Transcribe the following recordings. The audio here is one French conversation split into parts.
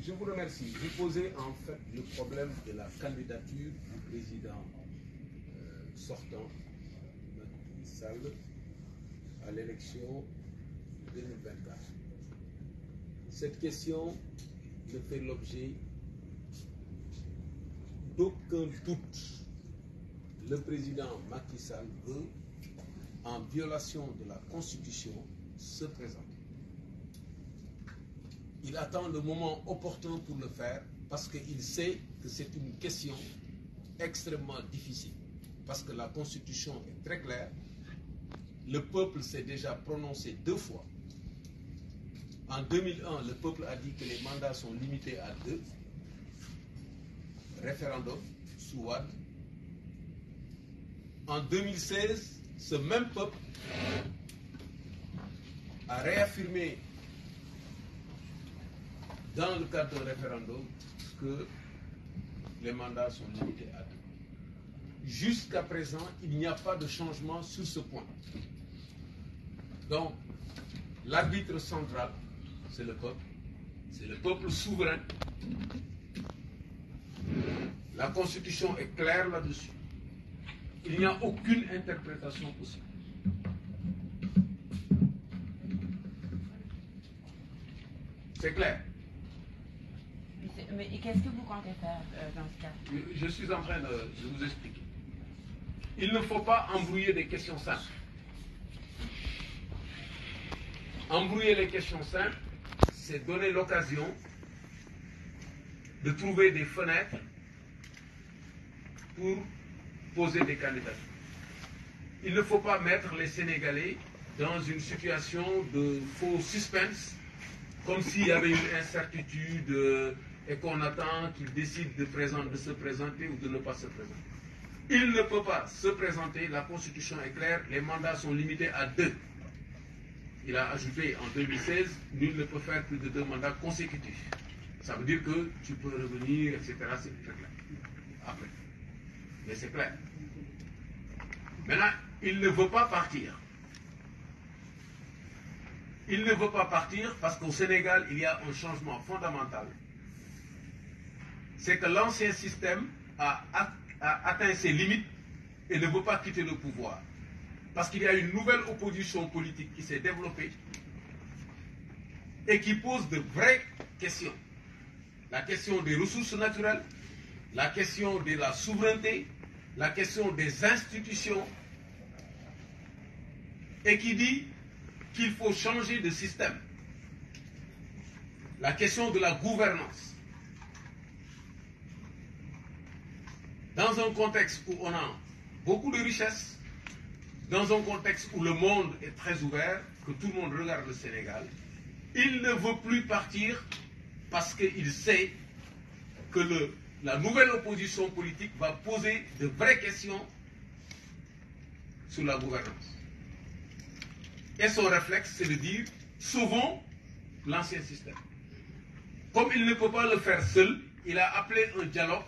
Je vous remercie. Vous posez en fait le problème de la candidature du président euh, sortant, Macky Sall, à l'élection 2024. Cette question ne fait l'objet d'aucun doute. Le président Macky Sall veut, en violation de la Constitution, se présenter. Il attend le moment opportun pour le faire parce qu'il sait que c'est une question extrêmement difficile. Parce que la Constitution est très claire. Le peuple s'est déjà prononcé deux fois. En 2001, le peuple a dit que les mandats sont limités à deux. Référendum, Souad. En 2016, ce même peuple a réaffirmé dans le cadre du référendum que les mandats sont limités à deux. Jusqu'à présent, il n'y a pas de changement sur ce point. Donc, l'arbitre central, c'est le peuple. C'est le peuple souverain. La Constitution est claire là-dessus. Il n'y a aucune interprétation possible. C'est clair. Mais qu'est-ce que vous comptez faire euh, dans ce cas Je suis en train de, vous expliquer. Il ne faut pas embrouiller des questions simples. Embrouiller les questions simples, c'est donner l'occasion de trouver des fenêtres pour poser des candidatures. Il ne faut pas mettre les Sénégalais dans une situation de faux suspense, comme s'il y avait une incertitude, et qu'on attend qu'il décide de, de se présenter ou de ne pas se présenter. Il ne peut pas se présenter, la Constitution est claire, les mandats sont limités à deux. Il a ajouté en 2016, nul ne peut faire plus de deux mandats consécutifs. Ça veut dire que tu peux revenir, etc. C'est très clair. Après. Mais c'est clair. Maintenant, il ne veut pas partir. Il ne veut pas partir parce qu'au Sénégal, il y a un changement fondamental c'est que l'ancien système a, atteint ses limites et ne veut pas quitter le pouvoir. Parce qu'il y a une nouvelle opposition politique qui s'est développée et qui pose de vraies questions. La question des ressources naturelles, la question de la souveraineté, la question des institutions, et qui dit qu'il faut changer de système. La question de la gouvernance, dans un contexte où on a beaucoup de richesses, dans un contexte où le monde est très ouvert, que tout le monde regarde le Sénégal, il ne veut plus partir parce qu'il sait que la nouvelle opposition politique va poser de vraies questions sur la gouvernance. Et son réflexe, c'est de dire, sauvons l'ancien système. Comme il ne peut pas le faire seul, il a appelé un dialogue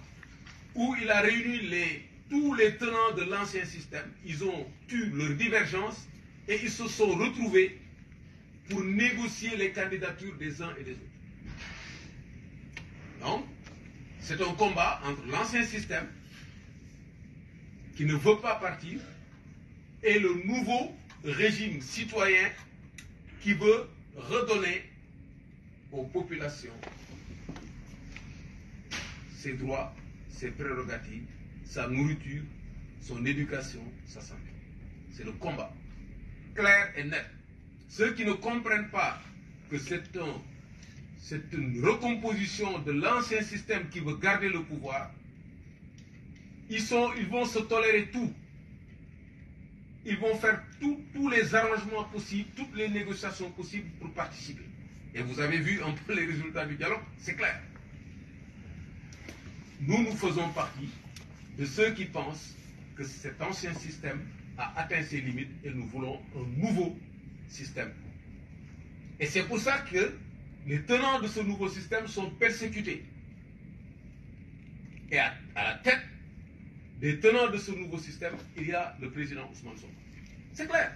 où il a réuni tous les tenants de l'ancien système. Ils ont eu leurs divergences et ils se sont retrouvés pour négocier les candidatures des uns et des autres. Donc, c'est un combat entre l'ancien système, qui ne veut pas partir, et le nouveau régime citoyen qui veut redonner aux populations ses droits ses prérogatives, sa nourriture, son éducation, sa santé. C'est le combat, clair et net. Ceux qui ne comprennent pas que c'est un, c'est une recomposition de l'ancien système qui veut garder le pouvoir, ils, sont, ils vont se tolérer tout. Ils vont faire tous les arrangements possibles, toutes les négociations possibles pour participer. Et vous avez vu un peu les résultats du dialogue, c'est clair nous, nous faisons partie de ceux qui pensent que cet ancien système a atteint ses limites et nous voulons un nouveau système. Et c'est pour ça que les tenants de ce nouveau système sont persécutés. Et à, la tête des tenants de ce nouveau système, il y a le président Ousmane Sonko. C'est clair.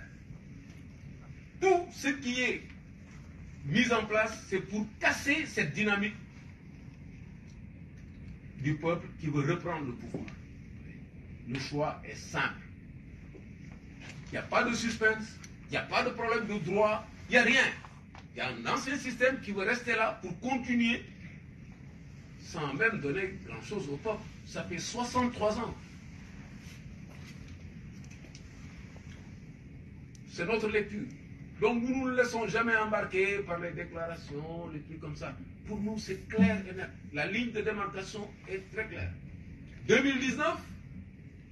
Tout ce qui est mis en place, c'est pour casser cette dynamique du peuple qui veut reprendre le pouvoir. Le choix est simple. Il n'y a pas de suspense, il n'y a pas de problème de droit, il n'y a rien. Il y a un ancien système qui veut rester là pour continuer sans même donner grand-chose au peuple. Ça fait 63 ans. C'est notre lecture. Donc nous ne nous laissons jamais embarquer par les déclarations, les trucs comme ça pour nous, c'est clair et La ligne de démarcation est très claire. 2019,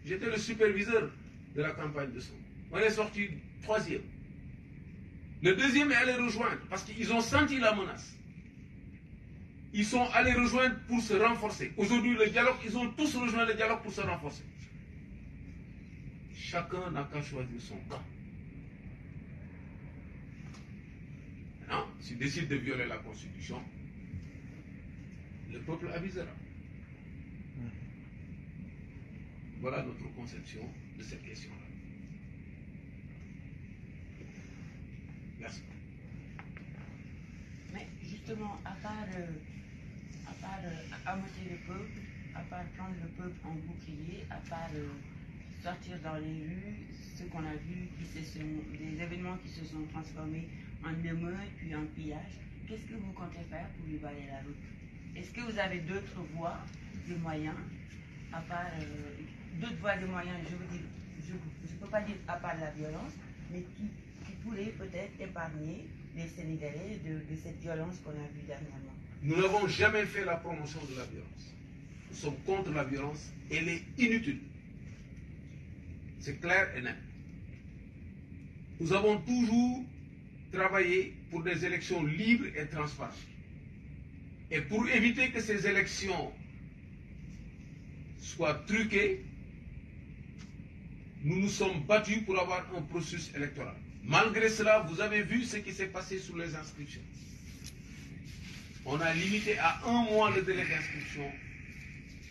j'étais le superviseur de la campagne de son. On est sorti troisième. Le deuxième est allé rejoindre parce qu'ils ont senti la menace. Ils sont allés rejoindre pour se renforcer. Aujourd'hui, le dialogue, ils ont tous rejoint le dialogue pour se renforcer. Chacun n'a qu'à choisir son camp. Maintenant, s'ils décide de violer la Constitution, le peuple avisera. Hmm. Voilà notre conception de cette question-là. Merci. Mais justement, à part, euh, euh, amoter le peuple, à part prendre le peuple en bouclier, à part euh, sortir dans les rues, ce qu'on a vu, puis des événements qui se sont transformés en émeutes puis en pillage, qu'est-ce que vous comptez faire pour lui balayer la route est-ce que vous avez d'autres voies, de moyens, à part euh, d'autres voies, moyens, je vous dis, je ne peux pas dire à part la violence, mais qui, qui pourraient peut-être épargner les Sénégalais de, de cette violence qu'on a vue dernièrement Nous n'avons jamais fait la promotion de la violence. Nous sommes contre la violence, elle est inutile. C'est clair et net. Nous avons toujours travaillé pour des élections libres et transparentes. Et pour éviter que ces élections soient truquées, nous nous sommes battus pour avoir un processus électoral. Malgré cela, vous avez vu ce qui s'est passé sur les inscriptions. On a limité à un mois le délai d'inscription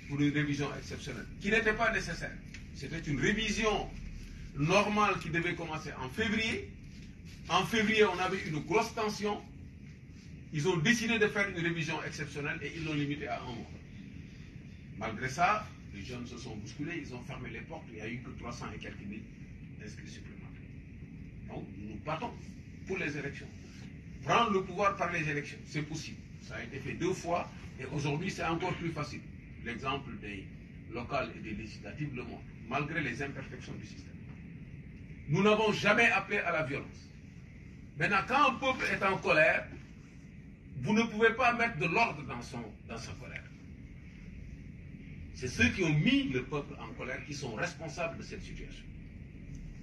pour une révision exceptionnelle, qui n'était pas nécessaire. C'était une révision normale qui devait commencer en février. En février, on avait une grosse tension. Ils ont décidé de faire une révision exceptionnelle et ils l'ont limité à un mois. Malgré ça, les jeunes se sont bousculés, ils ont fermé les portes, il n'y a eu que 300 et quelques mille inscrits supplémentaires. Donc, nous nous pour les élections. Prendre le pouvoir par les élections, c'est possible. Ça a été fait deux fois et aujourd'hui, c'est encore plus facile. L'exemple des locales et des législatives le montre, malgré les imperfections du système. Nous n'avons jamais appelé à la violence. Maintenant, quand un peuple est en colère, vous ne pouvez pas mettre de l'ordre dans, dans sa colère. C'est ceux qui ont mis le peuple en colère qui sont responsables de cette situation.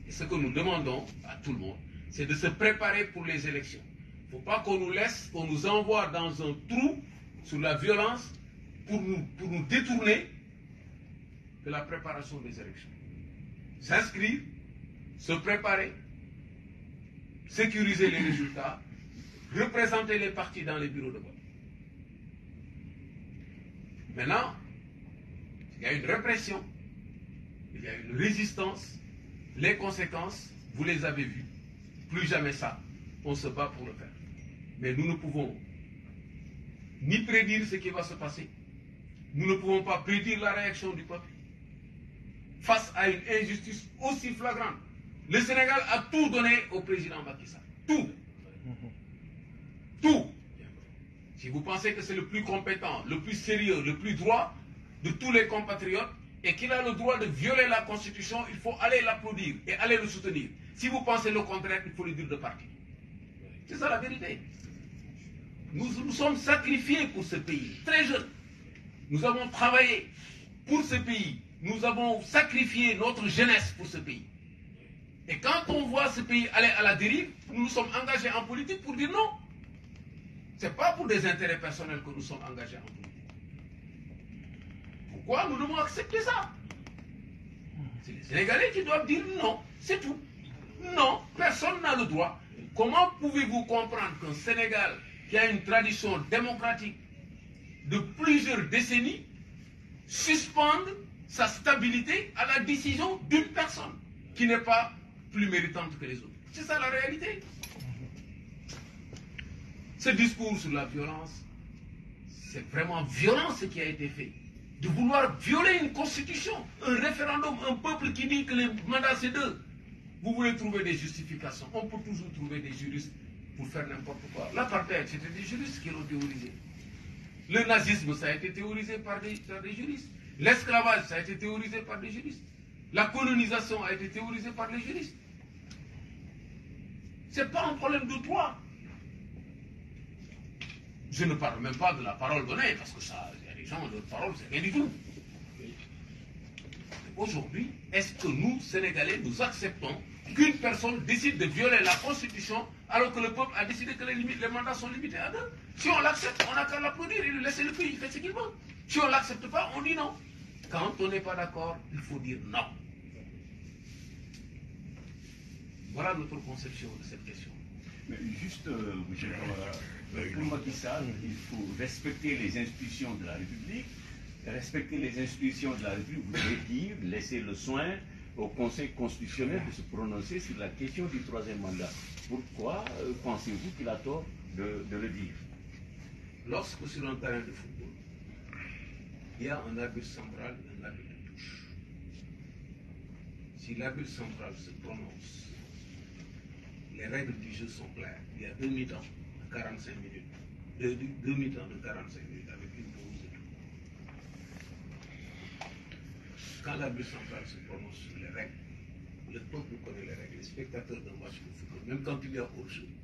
Et ce que nous demandons à tout le monde, c'est de se préparer pour les élections. Il ne faut pas qu'on nous laisse, qu'on nous envoie dans un trou sous la violence pour nous, pour nous détourner de la préparation des élections. S'inscrire, se préparer, sécuriser les résultats représenter les partis dans les bureaux de vote. Maintenant, il y a une répression, il y a une résistance, les conséquences, vous les avez vues. Plus jamais ça. On se bat pour le faire. Mais nous ne pouvons ni prédire ce qui va se passer. Nous ne pouvons pas prédire la réaction du peuple face à une injustice aussi flagrante. Le Sénégal a tout donné au président Macky Tout. Tout. Si vous pensez que c'est le plus compétent, le plus sérieux, le plus droit de tous les compatriotes et qu'il a le droit de violer la Constitution, il faut aller l'applaudir et aller le soutenir. Si vous pensez le contraire, il faut le dire de partir. C'est ça la vérité. Nous nous sommes sacrifiés pour ce pays, très jeunes. Nous avons travaillé pour ce pays. Nous avons sacrifié notre jeunesse pour ce pays. Et quand on voit ce pays aller à la dérive, nous nous sommes engagés en politique pour dire non. Ce n'est pas pour des intérêts personnels que nous sommes engagés en Pourquoi nous devons accepter ça C'est les Sénégalais qui doivent dire non, c'est tout. Non, personne n'a le droit. Comment pouvez-vous comprendre qu'un Sénégal qui a une tradition démocratique de plusieurs décennies suspende sa stabilité à la décision d'une personne qui n'est pas plus méritante que les autres C'est ça la réalité. Ce discours sur la violence, c'est vraiment violent ce qui a été fait. De vouloir violer une constitution, un référendum, un peuple qui dit que les mandats c'est deux. Vous voulez trouver des justifications. On peut toujours trouver des juristes pour faire n'importe quoi. L'apartheid, c'était des juristes qui l'ont théorisé. Le nazisme, ça a été théorisé par des, par des juristes. L'esclavage, ça a été théorisé par des juristes. La colonisation a été théorisée par les juristes. Ce n'est pas un problème de droit. Je ne parle même pas de la parole donnée, parce que ça, il y a des gens, leur parole, c'est rien du tout. Aujourd'hui, est-ce que nous, Sénégalais, nous acceptons qu'une personne décide de violer la Constitution alors que le peuple a décidé que les, mandats sont limités à deux Si on l'accepte, on n'a qu'à l'applaudir et laisse laisser le pays, il fait ce qu'il veut. Si on ne l'accepte pas, on dit non. Quand on n'est pas d'accord, il faut dire non. Voilà notre conception de cette question. Mais juste, euh, pour qui il faut respecter les institutions de la République. Respecter les institutions de la République vous devez dire laisser le soin au Conseil constitutionnel de se prononcer sur la question du troisième mandat. Pourquoi euh, pensez-vous qu'il a tort de, le dire Lorsque sur un terrain de football, il y a un arbitre central un abus de touche. Si l'arbitre central se prononce, les règles du jeu sont claires. Il y a deux mi-temps 45 minutes, deux, deux temps de 45 minutes avec une pause et tout. Quand la central se prononce sur les règles, le peuple connaît les règles, les spectateurs d'un match de football, même quand il y a autre chose,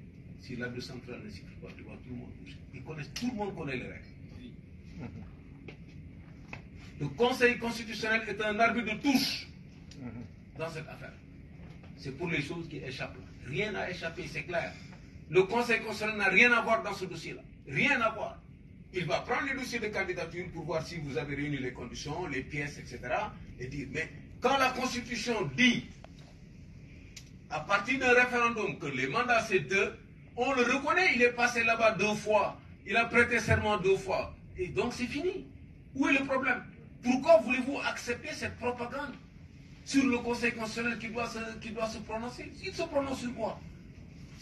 si la central ne s'y pas, tout le monde bouger. connaissent, tout le monde connaît les règles. Mhm. Le Conseil constitutionnel est un arbitre de touche mhm. dans cette affaire. C'est pour les choses qui échappent. Rien n'a échappé, c'est clair. Le Conseil constitutionnel n'a rien à voir dans ce dossier-là. Rien à voir. Il va prendre les dossiers de candidature pour voir si vous avez réuni les conditions, les pièces, etc. Et dire, mais quand la Constitution dit, à partir d'un référendum, que les mandats c'est deux, on le reconnaît, il est passé là-bas deux fois, il a prêté serment deux fois. Et donc c'est fini. Où est le problème Pourquoi voulez-vous accepter cette propagande sur le Conseil constitutionnel qui doit qui doit se prononcer Il se prononce sur quoi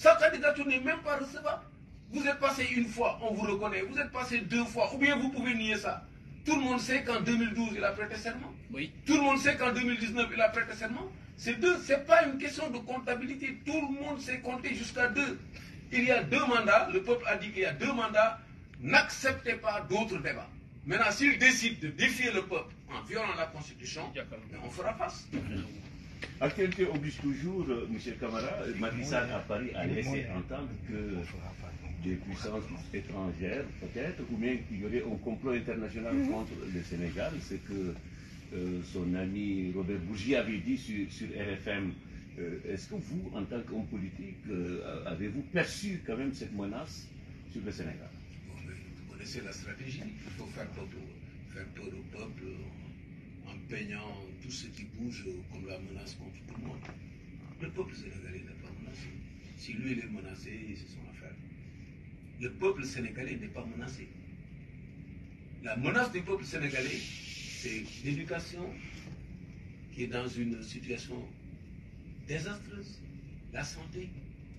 sa candidature n'est même pas recevable. Vous êtes passé une fois, on vous reconnaît. Vous êtes passé deux fois, ou bien vous pouvez nier ça. Tout le monde sait qu'en 2012, il a prêté serment. Oui. Tout le monde sait qu'en 2019, il a prêté serment. C'est deux. Ce n'est pas une question de comptabilité. Tout le monde sait compter jusqu'à deux. Il y a deux mandats. Le peuple a dit qu'il y a deux mandats. N'acceptez pas d'autres débats. Maintenant, s'il décide de défier le peuple en violant la Constitution, on fera face. Actualité oblige toujours, M. Camara, Matissat à Paris a laissé entendre que des puissances étrangères, peut-être, ou bien qu'il y aurait un complot international mhm. contre le Sénégal. C'est que euh, son ami Robert Bougie avait dit sur, RFM. Euh, est-ce que vous, en tant qu'homme politique, euh, avez-vous perçu quand même cette menace sur le Sénégal Vous connaissez la stratégie, il faut faire peur au peuple, tout ce qui bouge euh, comme la menace contre tout le monde. Le peuple sénégalais n'est pas menacé. Si lui, il est menacé, c'est son affaire. Le peuple sénégalais n'est pas menacé. La menace du peuple sénégalais, c'est l'éducation qui est dans une situation désastreuse, la santé,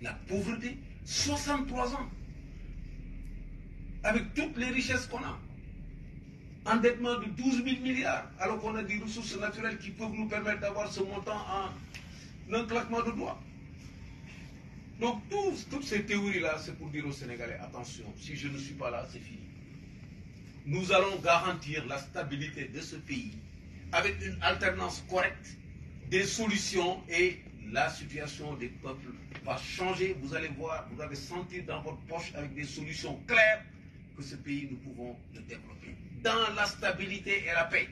la pauvreté. 63 ans, avec toutes les richesses qu'on a endettement de 12 000 milliards, alors qu'on a des ressources naturelles qui peuvent nous permettre d'avoir ce montant en un claquement de doigts. Donc toutes ces théories-là, c'est pour dire aux Sénégalais, attention, si je ne suis pas là, c'est fini. Nous allons garantir la stabilité de ce pays avec une alternance correcte des solutions et la situation des peuples va changer. Vous allez voir, vous allez sentir dans votre poche avec des solutions claires que ce pays, nous pouvons le développer dans la stabilité et la paix.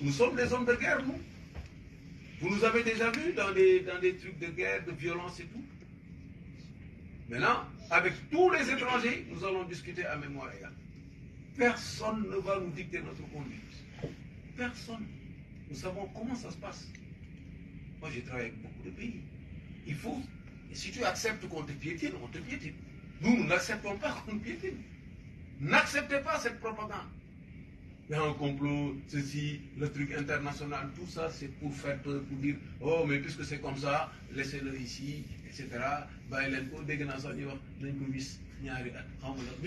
Nous sommes des hommes de guerre, nous. Vous nous avez déjà vus dans des, dans des trucs de guerre, de violence et tout. Maintenant, avec tous les étrangers, nous allons discuter à mémoire Personne ne va nous dicter notre conduite. Personne. Nous savons comment ça se passe. Moi, j'ai travaillé avec beaucoup de pays. Il faut, et si tu acceptes qu'on te piétine, on te piétine. Nous, nous n'acceptons pas qu'on te piétine. N'acceptez pas cette propagande. Il y a un complot, ceci, le truc international, tout ça, c'est pour faire pour dire, oh, mais puisque c'est comme ça, laissez-le ici, etc.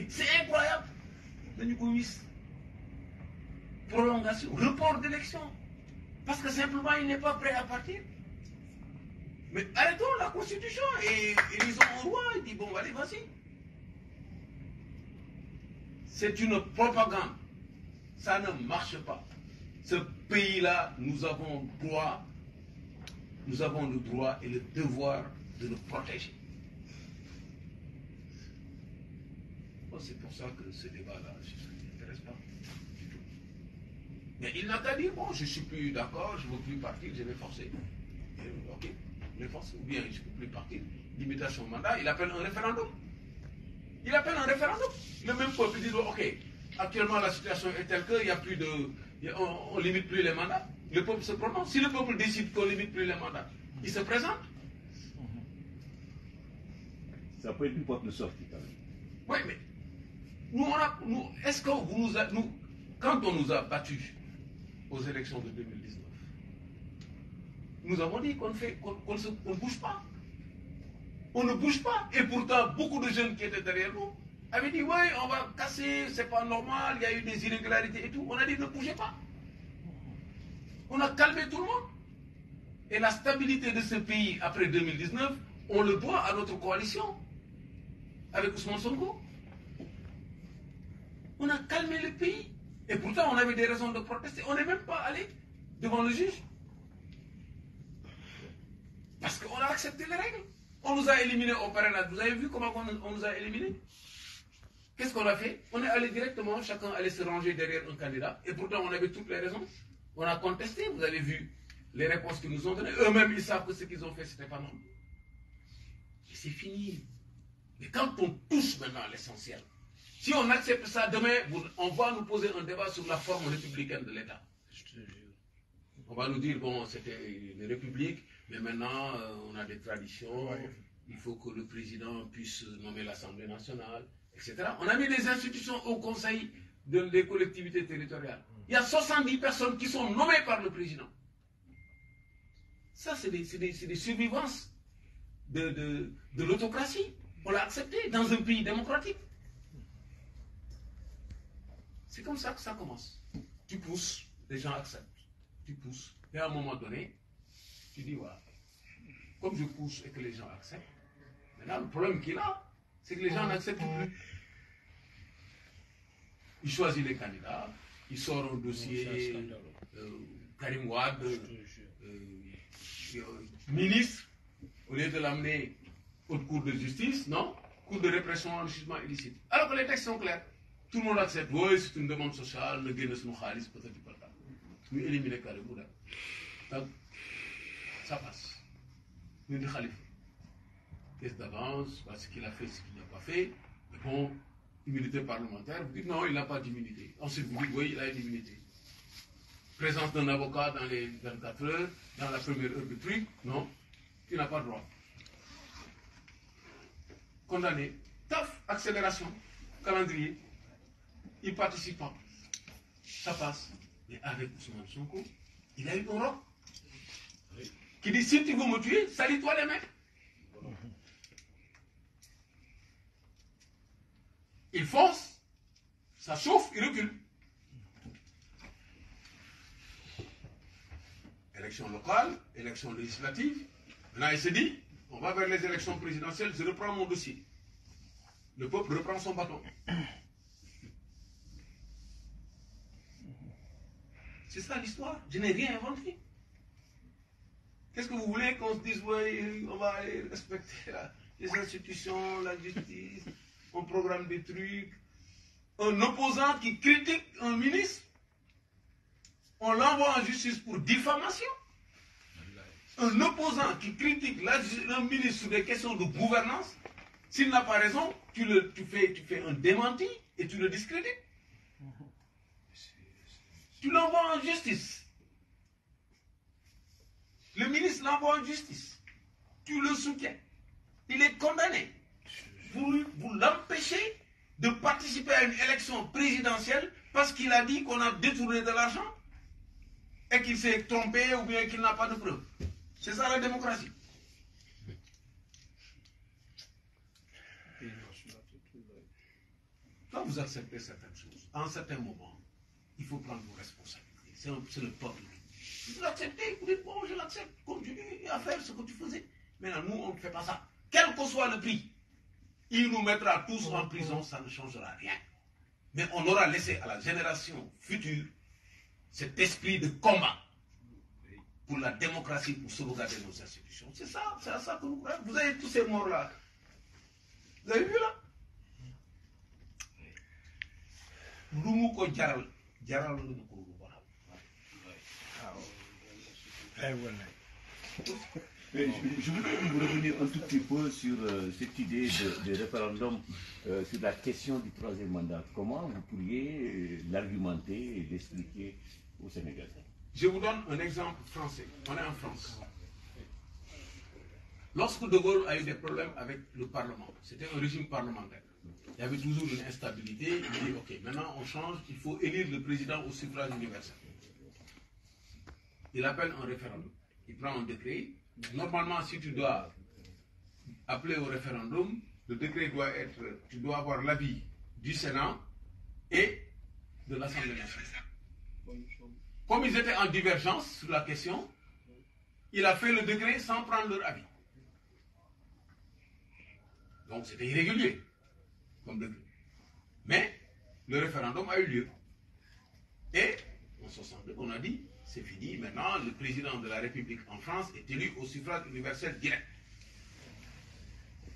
C'est incroyable. Prolongation, report d'élection. Parce que simplement, il n'est pas prêt à partir. Mais arrêtons la constitution et ils ont un roi, il dit, bon, allez, vas-y. C'est une propagande. Ça ne marche pas. Ce pays-là, nous avons droit, nous avons le droit et le devoir de nous protéger. C'est pour ça que ce débat-là, ne m'intéresse pas du tout. Mais il n'a pas dit, bon, je ne suis plus d'accord, je ne veux plus partir, je vais forcer. ok, je vais forcer, ou bien je ne peux plus partir. Limitation mandat, il appelle un référendum. Il appelle un référendum. Le même peuple dit, OK, actuellement la situation est telle il n'y a plus de... On, ne limite plus les mandats. Le peuple se prononce. Si le peuple décide qu'on limite plus les mandats, il se présente. Ça peut être une porte de sortie quand même. Oui, mais nous, on est-ce que vous nous, nous, quand on nous a battus aux élections de 2019, nous avons dit qu'on fait, qu'on, ne bouge pas. On ne bouge pas. Et pourtant, beaucoup de jeunes qui étaient derrière nous avaient dit, ouais, on va casser, c'est pas normal, il y a eu des irrégularités et tout. On a dit, ne bougez pas. On a calmé tout le monde. Et la stabilité de ce pays après 2019, on le doit à notre coalition avec Ousmane Sonko. On a calmé le pays. Et pourtant, on avait des raisons de protester. On n'est même pas allé devant le juge. Parce qu'on a accepté les règles. On nous a éliminés au parrainage. Vous avez vu comment on, nous a éliminés Qu'est-ce qu'on a fait On est allé directement, chacun allait se ranger derrière un candidat. Et pourtant, on avait toutes les raisons. On a contesté, vous avez vu les réponses qu'ils nous ont données. Eux-mêmes, ils savent que ce qu'ils ont fait, ce n'était pas normal. Et c'est fini. Mais quand on touche maintenant l'essentiel, si on accepte ça demain, on va nous poser un débat sur la forme républicaine de l'État. On va nous dire, bon, c'était une république, mais maintenant, euh, on a des traditions. Il faut que le président puisse nommer l'Assemblée nationale, etc. On a mis des institutions au Conseil des collectivités territoriales. Il y a 70 personnes qui sont nommées par le président. Ça, c'est des, survivances de l'autocratie. On l'a accepté dans un pays démocratique. C'est comme ça que ça commence. Tu pousses, les gens acceptent. Tu pousses. Et à un moment donné, tu dis, voilà, comme je pousse et que les gens acceptent, maintenant le problème qu'il a, c'est que les gens n'acceptent plus. Il choisit les candidats, il sort un dossier, euh, Karim Wad, euh, euh, ministre, au lieu de l'amener au cours de justice, non Cour de répression enrichissement illicite. Alors que les textes sont clairs. Tout le monde accepte. Oui, c'est une demande sociale, le Guinness de son peut-être pas. Oui, éliminer Karim Wad ça passe. Nous ne khalifa. Test d'avance, parce qu'il a fait ce qu'il n'a pas fait. Mais bon, immunité parlementaire, vous dites non, il n'a pas d'immunité. On vous dit, oui, il a une immunité. Présence d'un avocat dans les 24 heures, dans la première heure du truc, non, tu n'a pas droit. Condamné. Taf, accélération, calendrier, Il participe pas. Ça passe. Mais avec Ousmane Sonko, il a eu droit. Il dit si tu veux me tuer, salis-toi les mains. Il fonce, ça chauffe, il recule. Élection locale, élection législative. Là, il se dit, on va vers les élections présidentielles, je reprends mon dossier. Le peuple reprend son bâton. C'est ça l'histoire. Je n'ai rien inventé. Qu'est-ce que vous voulez qu'on se dise, oui, on va respecter les institutions, la justice, on programme des trucs. Un opposant qui critique un ministre, on l'envoie en justice pour diffamation. Un opposant qui critique un ministre sur des questions de gouvernance, s'il n'a pas raison, tu, le, fais, tu fais un démenti et tu le discrédites. Tu l'envoies en justice. Le ministre l'envoie en justice. Tu le soutiens. Il est condamné. Vous, l'empêchez de participer à une élection présidentielle parce qu'il a dit qu'on a détourné de l'argent et qu'il s'est trompé ou bien qu'il n'a pas de preuves. C'est ça la démocratie. Quand vous acceptez certaines choses, en certains moments, il faut prendre vos responsabilités. C'est le peuple tu l'acceptais, vous dites, bon, je l'accepte, continue à faire ce que tu faisais. Mais nous, on ne fait pas ça. Quel que soit le prix, il nous mettra tous en prison, ça ne changera rien. Mais on aura laissé à la génération future cet esprit de combat pour la démocratie, pour sauvegarder nos institutions. C'est ça, c'est à ça que nous croyons. Vous avez tous ces morts-là. Vous avez vu là Nous ko jaral, jaral Eh, je, que vous revenir un tout petit peu sur euh, cette idée de, référendum, euh, sur la question du troisième mandat. Comment vous pourriez euh, l'argumenter et l'expliquer aux Sénégalais Je vous donne un exemple français. On est en France. Lorsque De Gaulle a eu des problèmes avec le Parlement, c'était un régime parlementaire. Il y avait toujours une instabilité. Il dit, OK, maintenant on change, il faut élire le président au suffrage universel il appelle un référendum. Il prend un décret. Normalement, si tu dois appeler au référendum, le décret doit être, tu dois avoir l'avis du Sénat et de l'Assemblée nationale. Comme ils étaient en divergence sur la question, il a fait le décret sans prendre leur avis. Donc c'était irrégulier comme décret. Mais le référendum a eu lieu. Et en 62, on a dit c'est fini. Maintenant, le président de la République en France est élu au suffrage universel direct.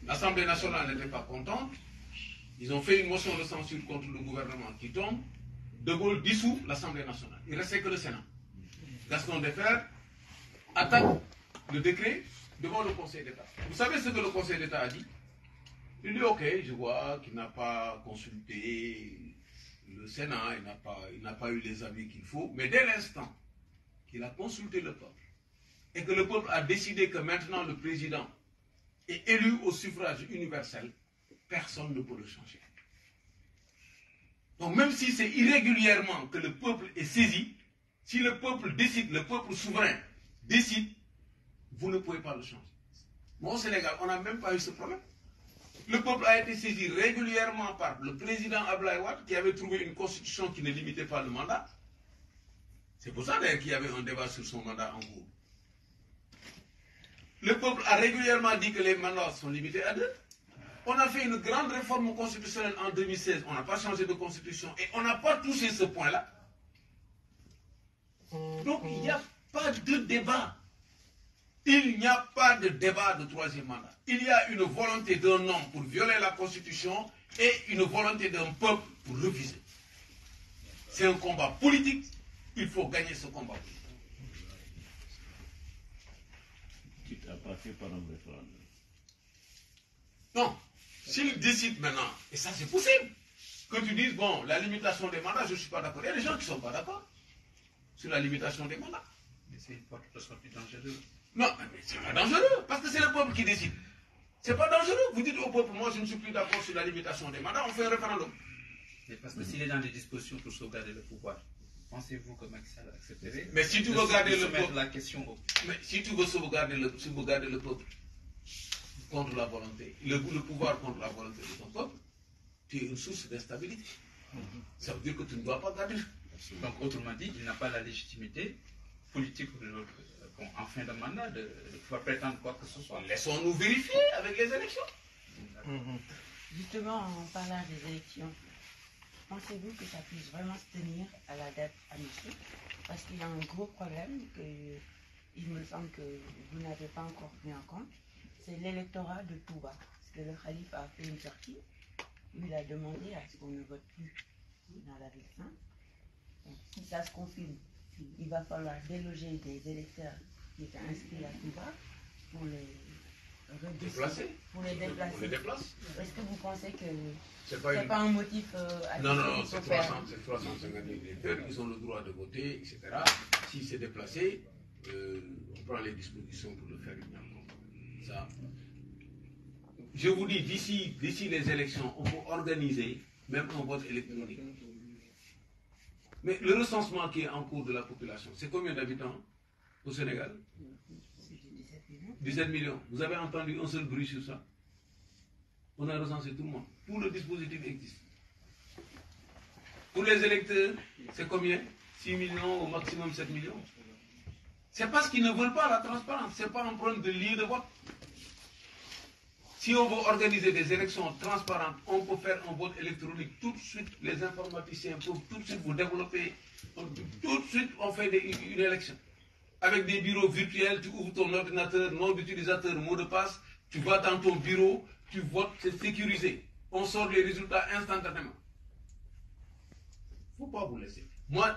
L'Assemblée nationale n'était pas contente. Ils ont fait une motion de censure contre le gouvernement qui tombe. De Gaulle dissout l'Assemblée nationale. Il restait que le Sénat. Gaston Defer attaque le décret devant le Conseil d'État. Vous savez ce que le Conseil d'État a dit Il dit Ok, je vois qu'il n'a pas consulté le Sénat, il n'a pas, pas eu les avis qu'il faut, mais dès l'instant qu'il a consulté le peuple et que le peuple a décidé que maintenant le président est élu au suffrage universel, personne ne peut le changer. Donc même si c'est irrégulièrement que le peuple est saisi, si le peuple décide, le peuple souverain décide, vous ne pouvez pas le changer. Moi, au Sénégal, on n'a même pas eu ce problème. Le peuple a été saisi régulièrement par le président Ablaïwad, qui avait trouvé une constitution qui ne limitait pas le mandat. C'est pour ça qu'il y avait un débat sur son mandat en cours. Le peuple a régulièrement dit que les mandats sont limités à deux. On a fait une grande réforme constitutionnelle en 2016. On n'a pas changé de constitution et on n'a pas touché ce point-là. Donc il n'y a pas de débat. Il n'y a pas de débat de troisième mandat. Il y a une volonté d'un homme pour violer la constitution et une volonté d'un peuple pour refuser. C'est un combat politique il faut gagner ce combat. Tu par un référendum. Non. S'il décide maintenant, et ça c'est possible, que tu dises, bon, la limitation des mandats, je ne suis pas d'accord. Il y a des gens qui ne sont pas d'accord sur la limitation des mandats. Mais c'est pas sera plus dangereux. Non, mais c'est pas dangereux, parce que c'est le peuple qui décide. C'est pas dangereux. Vous dites au peuple, moi je ne suis plus d'accord sur la limitation des mandats, on fait un référendum. Mais parce que s'il est dans des dispositions pour sauvegarder le pouvoir, Pensez-vous que Maxence a accepté Mais si tu veux garder le peuple, la question Mais si tu veux sauvegarder peuple contre la volonté, le, pouvoir contre la volonté de ton peuple, tu es une source d'instabilité. Mhm. Ça veut dire que tu ne dois pas garder. Donc, autrement dit, il n'a pas la légitimité politique euh, en fin de mandat de, pouvoir prétendre quoi que ce soit. Laissons-nous vérifier avec les élections. Mhm. Justement, en parlant des élections, pensez-vous que ça puisse vraiment se tenir à la date annoncée Parce qu'il y a un gros problème qu'il il me semble que vous n'avez pas encore pris en compte. C'est l'électorat de Touba. Parce que le calife a fait une sortie où il a demandé à ce qu'on ne vote plus dans la ville si ça se confirme, il va falloir déloger des électeurs qui étaient inscrits à Touba pour les déplacer. les déplace. Est-ce que vous pensez que c'est pas, pas un motif euh, à Non, non, non, c'est 350 électeurs, ils ont le droit de voter, etc. S'ils se déplacent, euh, on prend les dispositions pour le faire Ça. Je vous dis, d'ici, d'ici les élections, on peut organiser même un vote électronique. Mais le recensement qui est en cours de la population, c'est combien d'habitants au Sénégal 17 millions. Vous avez entendu un seul bruit sur ça On a recensé tout le monde. Tout le dispositif existe. Pour les électeurs, c'est combien 6 millions, au maximum 7 millions. C'est parce qu'ils ne veulent pas la transparence. Ce n'est pas un problème de lieu de vote. Si on veut organiser des élections transparentes, on peut faire un vote électronique. Tout de suite, les informaticiens peuvent tout de suite vous développer. Tout de suite, on fait une élection avec des bureaux virtuels, tu ouvres ton ordinateur, nom d'utilisateur, mot de passe, tu vas dans ton bureau, tu votes, c'est sécurisé. On sort les résultats instantanément. Il ne faut pas vous laisser. Moi,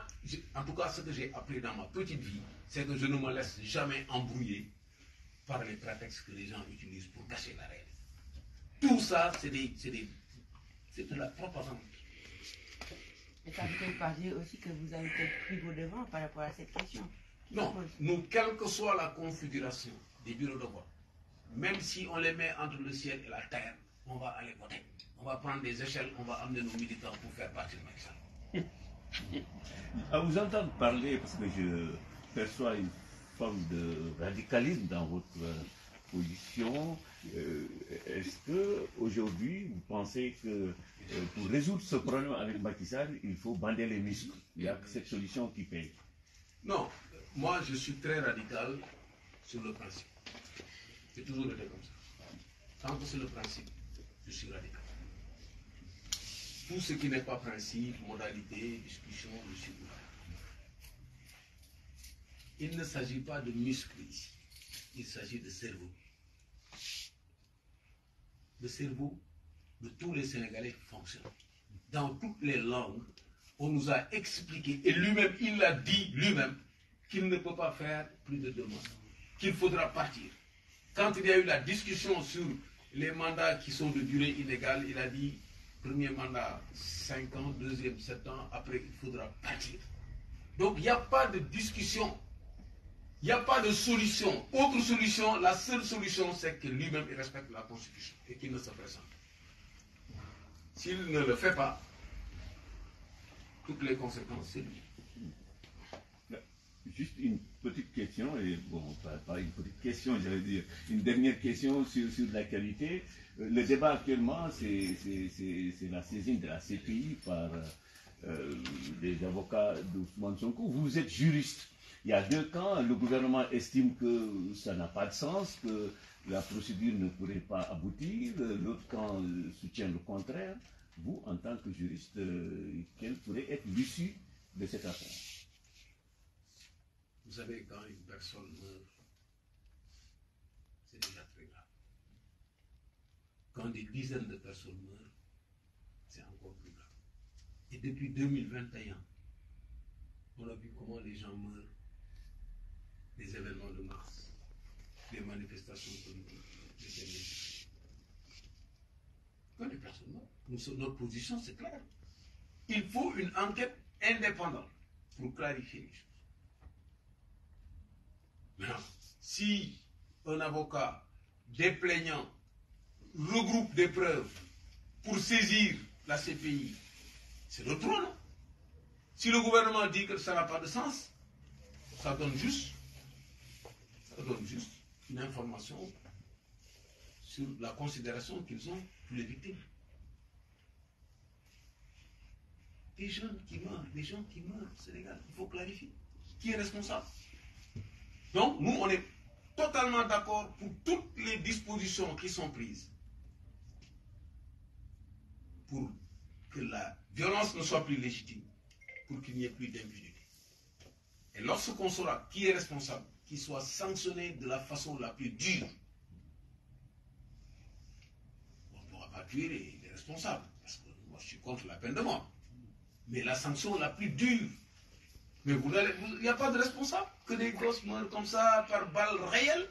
en tout cas, ce que j'ai appris dans ma petite vie, c'est que je ne me laisse jamais embrouiller par les prétextes que les gens utilisent pour cacher la règle. Tout ça, c'est de la propagande. Et ça peut-être aussi que vous avez été être pris devant devant par rapport à cette question. Non, nous, quelle que soit la configuration des bureaux de vote, même si on les met entre le ciel et la terre, on va aller voter. On va prendre des échelles, on va amener nos militants pour faire partie de maquissage. À vous entendre parler, parce que je perçois une forme de radicalisme dans votre euh, position, euh, est-ce que aujourd'hui vous pensez que euh, pour résoudre ce problème avec le il faut bander les muscles Il n'y a que cette solution qui paye. Non, moi, je suis très radical sur le principe. J'ai toujours été comme ça. Tant que c'est le principe, je suis radical. Tout ce qui n'est pas principe, modalité, discussion, je suis radical Il ne s'agit pas de muscles ici, il s'agit de cerveau. Le cerveau de tous les Sénégalais fonctionne. Dans toutes les langues, on nous a expliqué, et lui-même, il l'a dit lui-même, qu'il ne peut pas faire plus de deux mois, qu'il faudra partir. Quand il y a eu la discussion sur les mandats qui sont de durée illégale, il a dit premier mandat 5 ans, deuxième 7 ans, après il faudra partir. Donc il n'y a pas de discussion, il n'y a pas de solution. Autre solution, la seule solution, c'est que lui-même il respecte la Constitution et qu'il ne se présente. S'il ne le fait pas, toutes les conséquences, c'est lui. Juste une petite question, et bon, pas, une petite question, j'allais dire, une dernière question sur, sur la qualité. Euh, le débat actuellement, c'est la saisine de la CPI par les euh, avocats d'Ousmane Sonko. Vous êtes juriste. Il y a deux camps. Le gouvernement estime que ça n'a pas de sens, que la procédure ne pourrait pas aboutir. L'autre camp euh, soutient le contraire. Vous, en tant que juriste, quel pourrait être l'issue de cette affaire vous savez, quand une personne meurt, c'est déjà très grave. Quand des dizaines de personnes meurent, c'est encore plus grave. Et depuis 2021, on a vu comment les gens meurent des événements de mars, des manifestations politiques, des Quand les personnes meurent, notre position c'est clair Il faut une enquête indépendante pour clarifier les choses si un avocat déplaignant regroupe des preuves pour saisir la CPI, c'est le trône. Si le gouvernement dit que ça n'a pas de sens, ça donne juste, ça donne juste une information sur la considération qu'ils ont pour les victimes. Des gens qui meurent, des gens qui meurent au Sénégal, il faut clarifier. Qui est responsable donc, nous, on est totalement d'accord pour toutes les dispositions qui sont prises pour que la violence ne soit plus légitime, pour qu'il n'y ait plus d'impunité. Et lorsqu'on saura qui est responsable, qu'il soit sanctionné de la façon la plus dure. On ne pourra pas tuer les, responsables, parce que moi je suis contre la peine de mort. Mais la sanction la plus dure, mais il n'y a pas de responsable que des gosses meurent comme ça par balles réelles.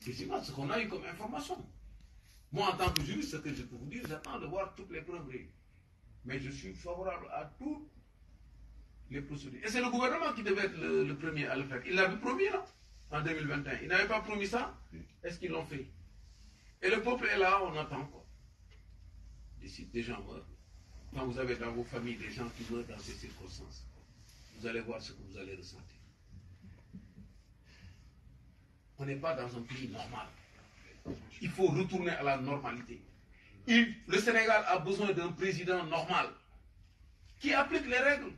C'est ce qu'on a eu comme information. Moi, en tant que juge, ce que je peux vous dire, j'attends de voir toutes les preuves Mais je suis favorable à toutes les procédures. Et c'est le gouvernement qui devait être le, premier à le faire. Il l'avait promis, là, en 2021. Il n'avait pas promis ça. Est-ce qu'ils l'ont fait Et le peuple est là, on attend quoi. Des, des gens meurent. Quand vous avez dans vos familles des gens qui meurent dans ces circonstances, vous allez voir ce que vous allez ressentir. On n'est pas dans un pays normal. Il faut retourner à la normalité. le Sénégal a besoin d'un président normal qui applique les règles.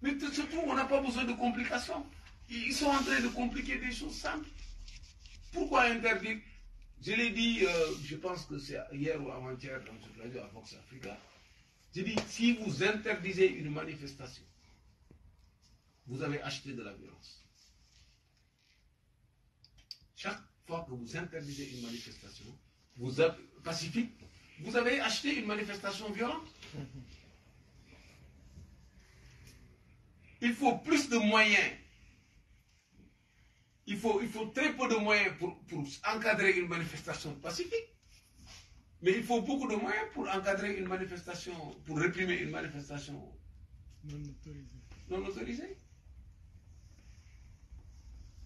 Mais surtout, on n'a pas besoin de complications. Ils sont en train de compliquer des choses simples. Pourquoi interdire Je l'ai dit, euh, je pense que c'est hier ou avant-hier dans ce radio à Vox Africa. J'ai dit, si vous interdisez une manifestation, vous avez acheté de la violence. Chaque fois que vous interdisez une manifestation vous pacifique, vous avez acheté une manifestation violente. Il faut plus de moyens. Il faut, il faut très peu de moyens pour, pour encadrer une manifestation pacifique. Mais il faut beaucoup de moyens pour encadrer une manifestation, pour réprimer une manifestation non autorisée. Non autorisée.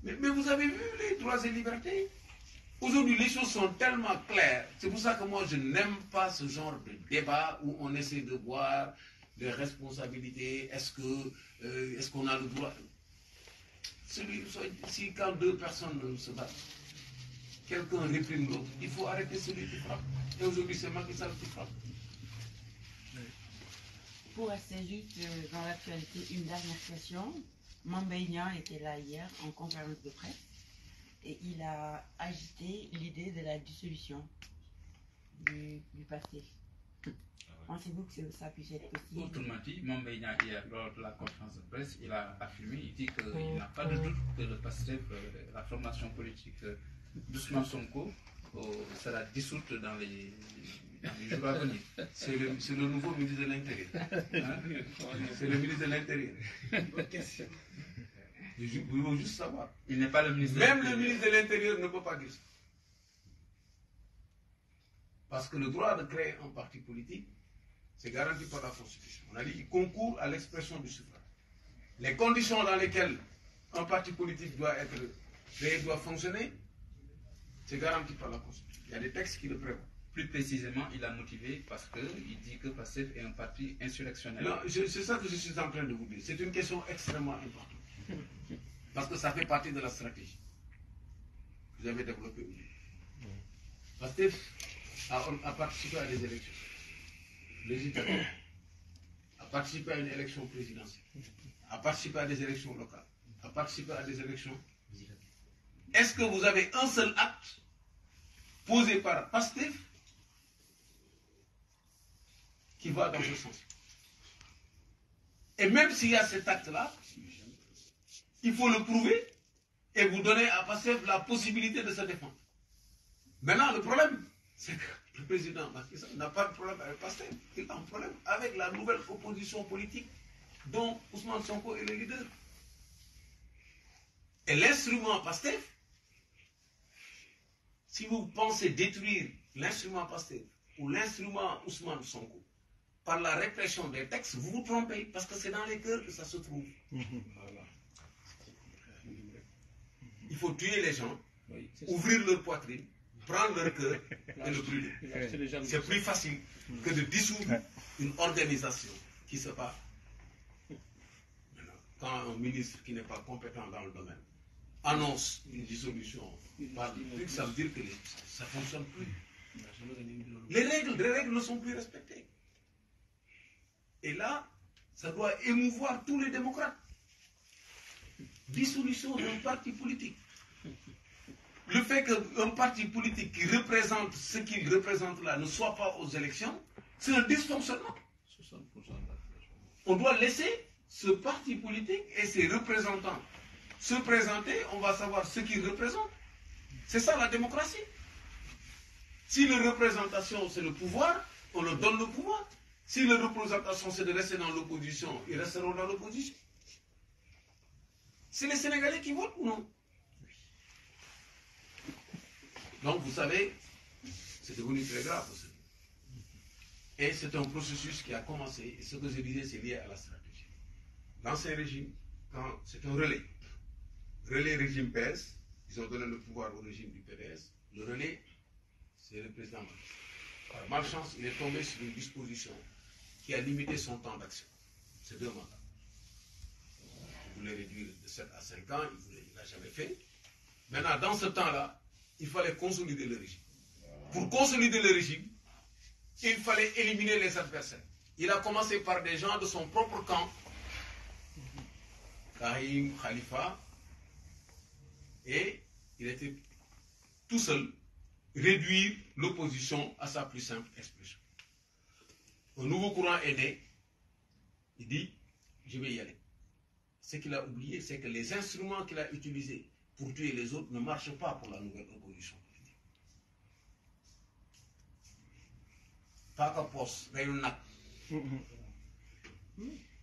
Mais, vous avez vu les droits et libertés Aujourd'hui, les choses sont tellement claires. C'est pour ça que moi, je n'aime pas ce genre de débat où on essaie de voir des responsabilités. Est-ce que euh, qu'on a le droit Si quand deux personnes se battent, quelqu'un réprime l'autre, il faut arrêter celui qui frappe. Et aujourd'hui, c'est Macky Sall qui frappe. Pour rester juste euh, dans l'actualité, une dernière question. Mambeignan était là hier en conférence de presse et il a agité l'idée de la dissolution du, passé. Ah Pensez-vous que ça puisse être possible Autrement dit, hier, lors de la conférence de presse, il a affirmé, il dit qu'il mm. n'a pas de doute que le passé euh, la formation politique euh, son cours, ça euh, la dissoute dans les c'est le, nouveau ministre de l'Intérieur. Hein? C'est le ministre de l'Intérieur. Bonne question. Il faut juste savoir. Il n'est pas le ministre Même le ministre de l'Intérieur ne peut pas dire ça. Parce que le droit de créer un parti politique, c'est garanti par la Constitution. On a dit qu'il concourt à l'expression du suffrage. Les conditions dans lesquelles un parti politique doit être créé, doit fonctionner, c'est garanti par la Constitution. Il y a des textes qui le prévoient. Plus précisément, il a motivé parce qu'il dit que PASTEF est un parti insurrectionnel. C'est ça que je suis en train de vous dire. C'est une question extrêmement importante. Parce que ça fait partie de la stratégie que vous avez développée. PASTEF a, participé à des élections législatives, a participé à une élection présidentielle, a participé à des élections locales, a participé à des élections. Est-ce que vous avez un seul acte posé par PASTEF va dans ce sens. Et même s'il y a cet acte-là, il faut le prouver et vous donner à passer la possibilité de se défendre. Maintenant, le problème, c'est que le président n'a pas de problème avec Pasteur. Il a un problème avec la nouvelle opposition politique dont Ousmane Sonko est le leader. Et l'instrument Pasteur, si vous pensez détruire l'instrument Pasteur ou l'instrument Ousmane Sonko, par la répression des textes, vous vous trompez, parce que c'est dans les cœurs que ça se trouve. Il faut tuer les gens, ouvrir leur poitrine, prendre leur cœur et le brûler. C'est plus facile que de dissoudre une organisation qui se bat. Quand un ministre qui n'est pas compétent dans le domaine annonce une dissolution ça veut dire que ça ne fonctionne plus. Les règles, les règles ne sont plus respectées. Et là, ça doit émouvoir tous les démocrates. Dissolution d'un parti politique. Le fait qu'un parti politique qui représente ce qu'il représente là ne soit pas aux élections, c'est un dysfonctionnement. On doit laisser ce parti politique et ses représentants se présenter, on va savoir ce qu'ils représentent. C'est ça la démocratie. Si la représentation c'est le pouvoir, on leur donne le pouvoir. Si les représentant c'est de rester dans l'opposition, ils resteront dans l'opposition. C'est les Sénégalais qui votent non Donc, vous savez, c'est devenu très grave. Et c'est un processus qui a commencé. Et ce que je disais, c'est lié à la stratégie. Dans régime, quand c'est un relais, relais régime PS, ils ont donné le pouvoir au régime du PDS. Le relais, c'est le président Par malchance, il est tombé sur une disposition qui a limité son temps d'action. C'est deux mandats. Il voulait réduire de 7 à 5 ans, il ne l'a jamais fait. Maintenant, dans ce temps-là, il fallait consolider le régime. Pour consolider le régime, il fallait éliminer les adversaires. Il a commencé par des gens de son propre camp, Karim, Khalifa, et il était tout seul réduire l'opposition à sa plus simple expression un nouveau courant est né, il dit, je vais y aller. Ce qu'il a oublié, c'est que les instruments qu'il a utilisés pour tuer les autres ne marchent pas pour la nouvelle opposition. Pas qu'à poste,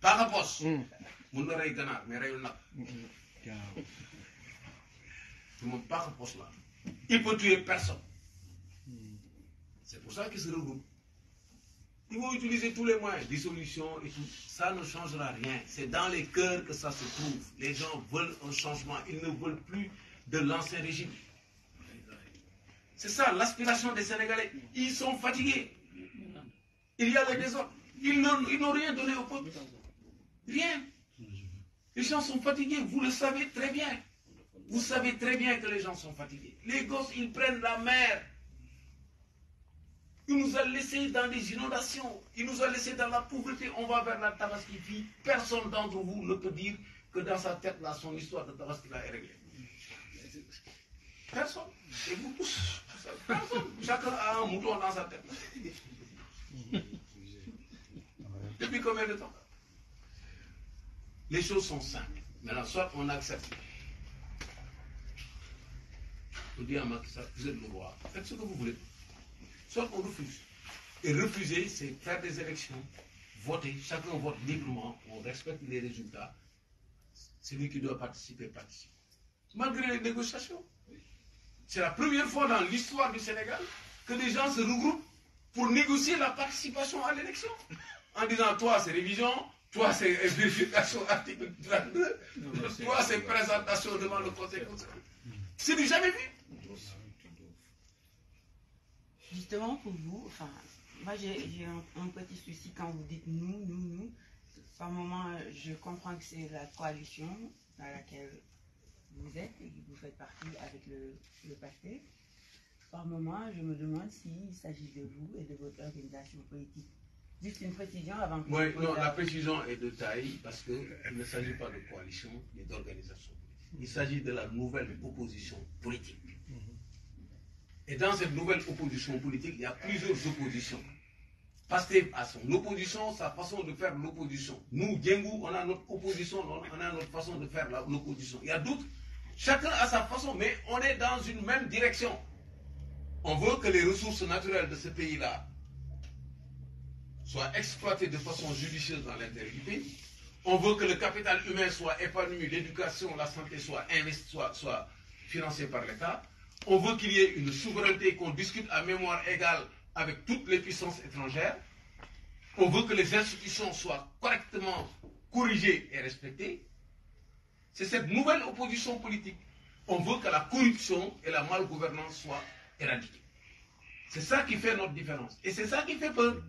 Pas qu'à poste. Mon mais pas là. Il peut tuer personne. C'est pour ça qu'il se regroupe. Ils vont utiliser tous les moyens, dissolution et tout. Ça ne changera rien. C'est dans les cœurs que ça se trouve. Les gens veulent un changement. Ils ne veulent plus de l'ancien régime. C'est ça l'aspiration des Sénégalais. Ils sont fatigués. Il y a des désordres. Ils n'ont rien donné au peuple. Rien. Les gens sont fatigués. Vous le savez très bien. Vous savez très bien que les gens sont fatigués. Les gosses, ils prennent la mer il nous a laissé dans les inondations. Il nous a laissé dans la pauvreté. On va vers la Tabaskifi. Personne d'entre vous ne peut dire que dans sa tête, là, son histoire de Tabaskila est réglée. Personne. Et vous tous. Personne. Chacun a un mouton dans sa tête. Depuis combien de temps Les choses sont simples. Mais la soit on accepte. vous dis à Makissa, vous êtes le roi. Faites ce que vous voulez. Soit on refuse. Et refuser, c'est faire des élections, voter, chacun vote librement, on respecte les résultats. Celui qui doit participer, participe. Malgré les négociations. C'est la première fois dans l'histoire du Sénégal que les gens se regroupent pour négocier la participation à l'élection. En disant, toi, c'est révision, toi, c'est vérification article 32, toi, c'est présentation devant le Conseil C'est du jamais vu justement pour vous, enfin, moi j'ai un, petit souci quand vous dites nous, nous, nous. Par moment, je comprends que c'est la coalition dans laquelle vous êtes et que vous faites partie avec le, passé. Par moment, je me demande s'il s'agit de vous et de votre organisation politique. Juste une précision avant que Oui, non, la... précision est de taille parce qu'il ne s'agit pas de coalition mais d'organisation. Il s'agit de la nouvelle proposition politique et dans cette nouvelle opposition politique, il y a plusieurs oppositions. Pasteur à son opposition, sa façon de faire l'opposition. Nous, Gengou, on a notre opposition, on a notre façon de faire l'opposition. Il y a d'autres. Chacun a sa façon, mais on est dans une même direction. On veut que les ressources naturelles de ce pays-là soient exploitées de façon judicieuse dans l'intérêt du pays. On veut que le capital humain soit épanoui, l'éducation, la santé soient financées par l'État on veut qu'il y ait une souveraineté qu'on discute à mémoire égale avec toutes les puissances étrangères, on veut que les institutions soient correctement corrigées et respectées, c'est cette nouvelle opposition politique. On veut que la corruption et la malgouvernance soient éradiquées. C'est ça qui fait notre différence. Et c'est ça qui fait peur.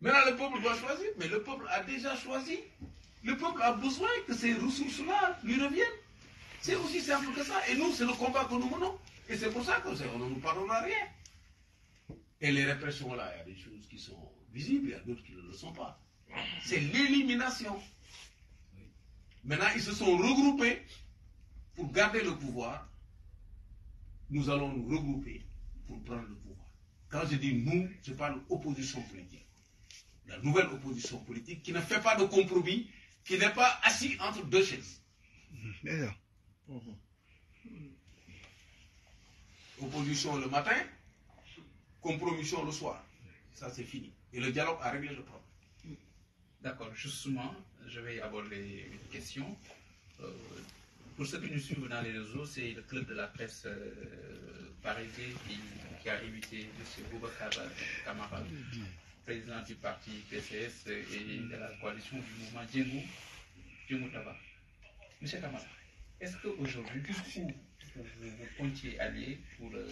Maintenant, le peuple doit choisir, mais le peuple a déjà choisi. Le peuple a besoin que ces ressources-là lui reviennent. C'est aussi simple que ça. Et nous, c'est le combat que nous menons. Et c'est pour ça que on ne nous à rien. Et les répressions, là, il y a des choses qui sont visibles, il y a d'autres qui ne le sont pas. C'est l'élimination. Maintenant, ils se sont regroupés pour garder le pouvoir. Nous allons nous regrouper pour prendre le pouvoir. Quand je dis nous, je parle opposition politique. La nouvelle opposition politique qui ne fait pas de compromis, qui n'est pas assis entre deux chaises. D'ailleurs. Mhm. Opposition le matin, compromission le soir. Ça, c'est fini. Et le dialogue a réglé le problème. D'accord. Justement, je vais aborder une question. Euh, pour ceux qui nous suivent dans les réseaux, c'est le club de la presse euh, qui, a invité M. Boubacar Kamara, président du parti PCS et de la coalition du mouvement Djengou, Taba. M. Kamara, est-ce qu'aujourd'hui, vous, vous, comptiez aller euh,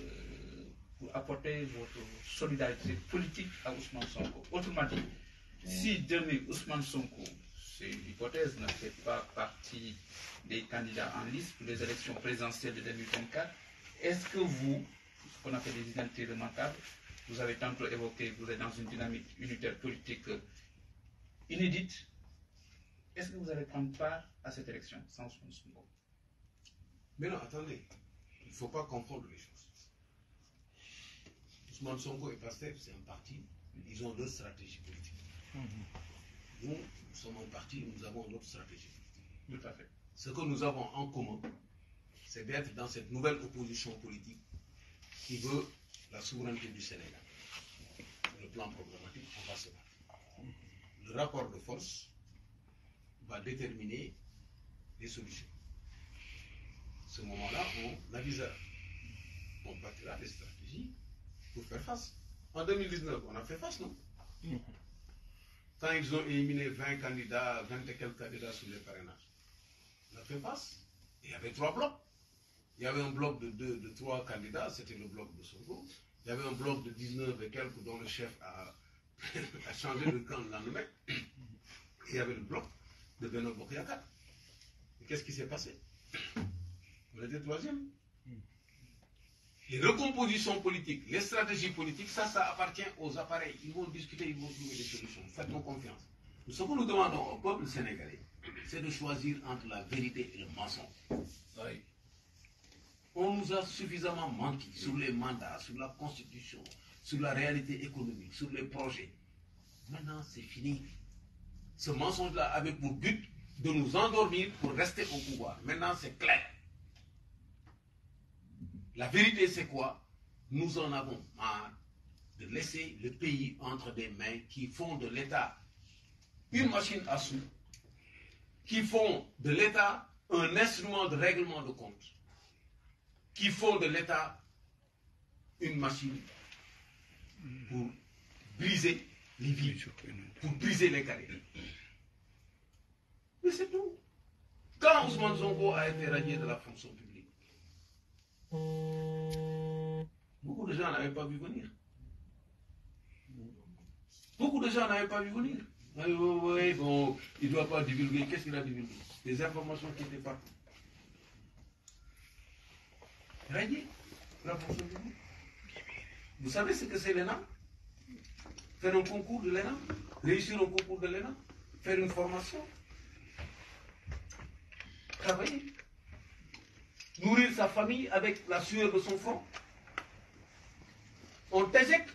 pour, apporter votre solidarité politique à Ousmane Sonko Autrement dit, si demain Ousmane Sonko, c'est une hypothèse, ne fait pas partie des candidats en liste pour les élections présidentielles de 2024, est-ce que vous, ce qu'on appelle des identités remarquables, vous avez tantôt évoqué, vous êtes dans une dynamique unitaire politique euh, inédite, est-ce que vous allez prendre part à cette élection sans Ousmane Sonko mais non, attendez, il ne faut pas comprendre les choses. Ousmane Sonko et PASTEF, c'est un parti, ils ont deux stratégie politique. Mhm. Nous, nous sommes un parti, nous avons notre stratégie politique. Tout à fait. Ce que nous avons en commun, c'est d'être dans cette nouvelle opposition politique qui veut la souveraineté du Sénégal. Le plan programmatique, on va se battre. Le rapport de force va déterminer les solutions ce moment-là on aviseur. On bâtira bah, des stratégies pour faire face. En 2019, on a fait face, non mm-hmm. Quand ils ont éliminé 20 candidats, 20 et quelques candidats sur les parrainages, on a fait face. Il y avait trois blocs. Il y avait un bloc de, deux, de trois candidats, c'était le bloc de Sogo. Il y avait un bloc de 19 et quelques dont le chef a, changé de camp le lendemain. il y avait le bloc de Benoît Bokriakat. Et qu'est-ce qui s'est passé vous êtes le troisième. Les recompositions politiques, les stratégies politiques, ça, ça appartient aux appareils. Ils vont discuter, ils vont trouver des solutions. Faites-nous mm. confiance. Ce que nous demandons au peuple sénégalais, c'est de choisir entre la vérité et le mensonge. On nous a suffisamment menti sur les mandats, sur la constitution, sur la réalité économique, sur les projets. Maintenant, c'est fini. Ce mensonge-là avait pour but de nous endormir pour rester au pouvoir. Maintenant, c'est clair. La vérité, c'est quoi Nous en avons marre de laisser le pays entre des mains qui font de l'État une machine à sous, qui font de l'État un instrument de règlement de compte, qui font de l'État une machine pour briser les villes pour briser les carrières. Mais c'est tout. Quand Ousmane Zongo a été radié de la fonction publique, Beaucoup de gens n'avaient pas vu venir. Beaucoup de gens n'avaient pas vu venir. Oh, oui, bon, il ne doit pas divulguer. Qu'est-ce qu'il a divulgué Des informations qui n'étaient pas. Rien. Vous savez ce que c'est l'ENA Faire un concours de l'ENA Réussir un concours de l'ENA Faire une formation Travailler nourrir sa famille avec la sueur de son front. On t'éjecte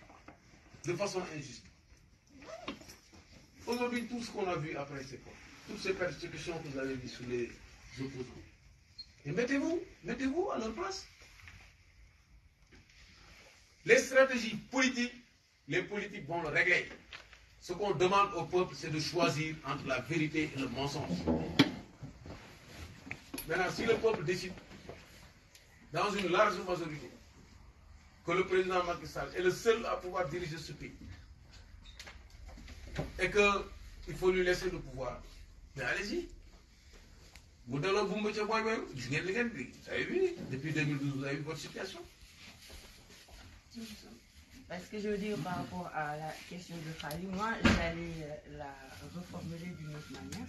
de façon injuste. Aujourd'hui, tout ce qu'on a vu après ces quoi toutes ces persécutions que vous avez vues sous les opposants. Et mettez-vous, mettez-vous à leur place. Les stratégies politiques, les politiques vont le régler. Ce qu'on demande au peuple, c'est de choisir entre la vérité et le mensonge. Maintenant, si le peuple décide dans une large majorité, que le président Macky Sall est le seul à pouvoir diriger ce pays. Et qu'il faut lui laisser le pouvoir. Mais allez-y. Vous donnez vous Vous avez vu, depuis 2012, vous avez eu votre situation. Parce que je veux dire par rapport à la question de Fali, moi j'allais euh, la reformuler d'une autre manière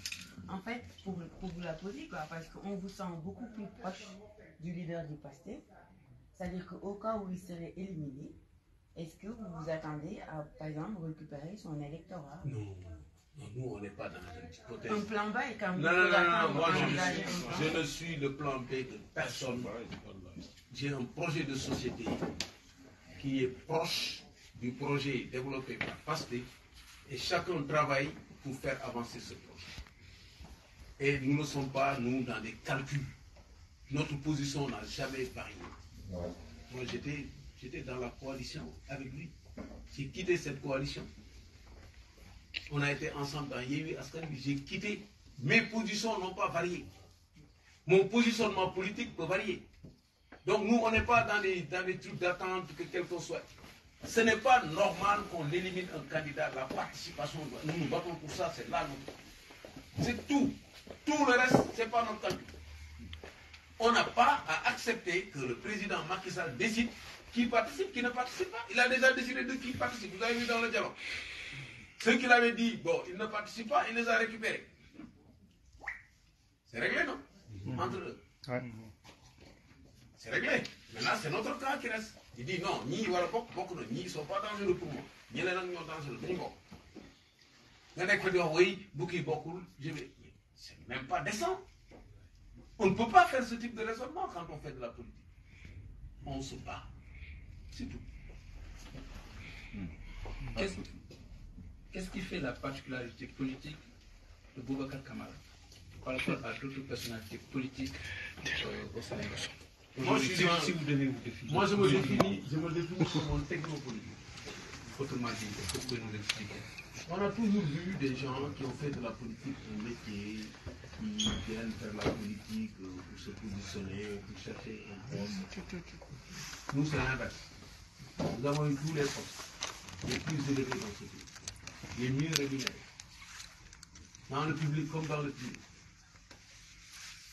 en fait, pour, vous la poser, parce qu'on vous sent beaucoup plus proche du leader du PASTEF. C'est-à-dire qu'au cas où il serait éliminé, est-ce que vous vous attendez à, par exemple, récupérer son électorat Non. nous, on n'est pas dans cette hypothèse. Un plan B quand Non, non, non, moi, je, je, ne suis le plan B de personne. J'ai un projet de société qui est proche du projet développé par PASTEF et chacun travaille pour faire avancer ce projet. Et nous ne sommes pas, nous, dans des calculs. Notre position n'a jamais varié. Moi, j'étais, dans la coalition avec lui. J'ai quitté cette coalition. On a été ensemble dans Yéwi Askani. J'ai quitté. Mes positions n'ont pas varié. Mon positionnement politique peut varier. Donc nous, on n'est pas dans des, dans les trucs d'attente que quelqu'un soit. Ce n'est pas normal qu'on élimine un candidat. La participation, nous nous battons pour ça, c'est là. C'est tout. Tout le reste, ce n'est pas notre calcul. On n'a pas à accepter que le président Macky Sall décide qui participe, qui ne participe pas. Il a déjà décidé de qui participe. Vous avez vu dans le dialogue. Ce qu'il avait dit, bon, il ne participe pas, il les a récupérés. C'est réglé, non mhm. Entre eux. C'est réglé. Maintenant, c'est notre cas qui reste. Il dit non, ni ni, ils ne sont pas dans pour moi. Ni les gens sont dangereux le moi. Il y en a oui, beaucoup, beaucoup, je vais. C'est même pas décent. On ne peut pas faire ce type de raisonnement quand on fait de la politique. On se bat. C'est tout. Hmm. Qu'est-ce qui fait la particularité politique de Boubacar Kamara par rapport à d'autres personnalités politiques euh, au moi, vous je me définis, je me définis comme un technopolitique. Autrement que vous pouvez nous expliquer on a toujours vu des gens qui ont fait de la politique pour métier, qui viennent faire la politique euh, pour se positionner, pour chercher un poste. Nous, c'est l'inverse. Nous avons eu tous les forces les plus élevés dans ce pays, les mieux rémunérés, dans le public comme dans le privé.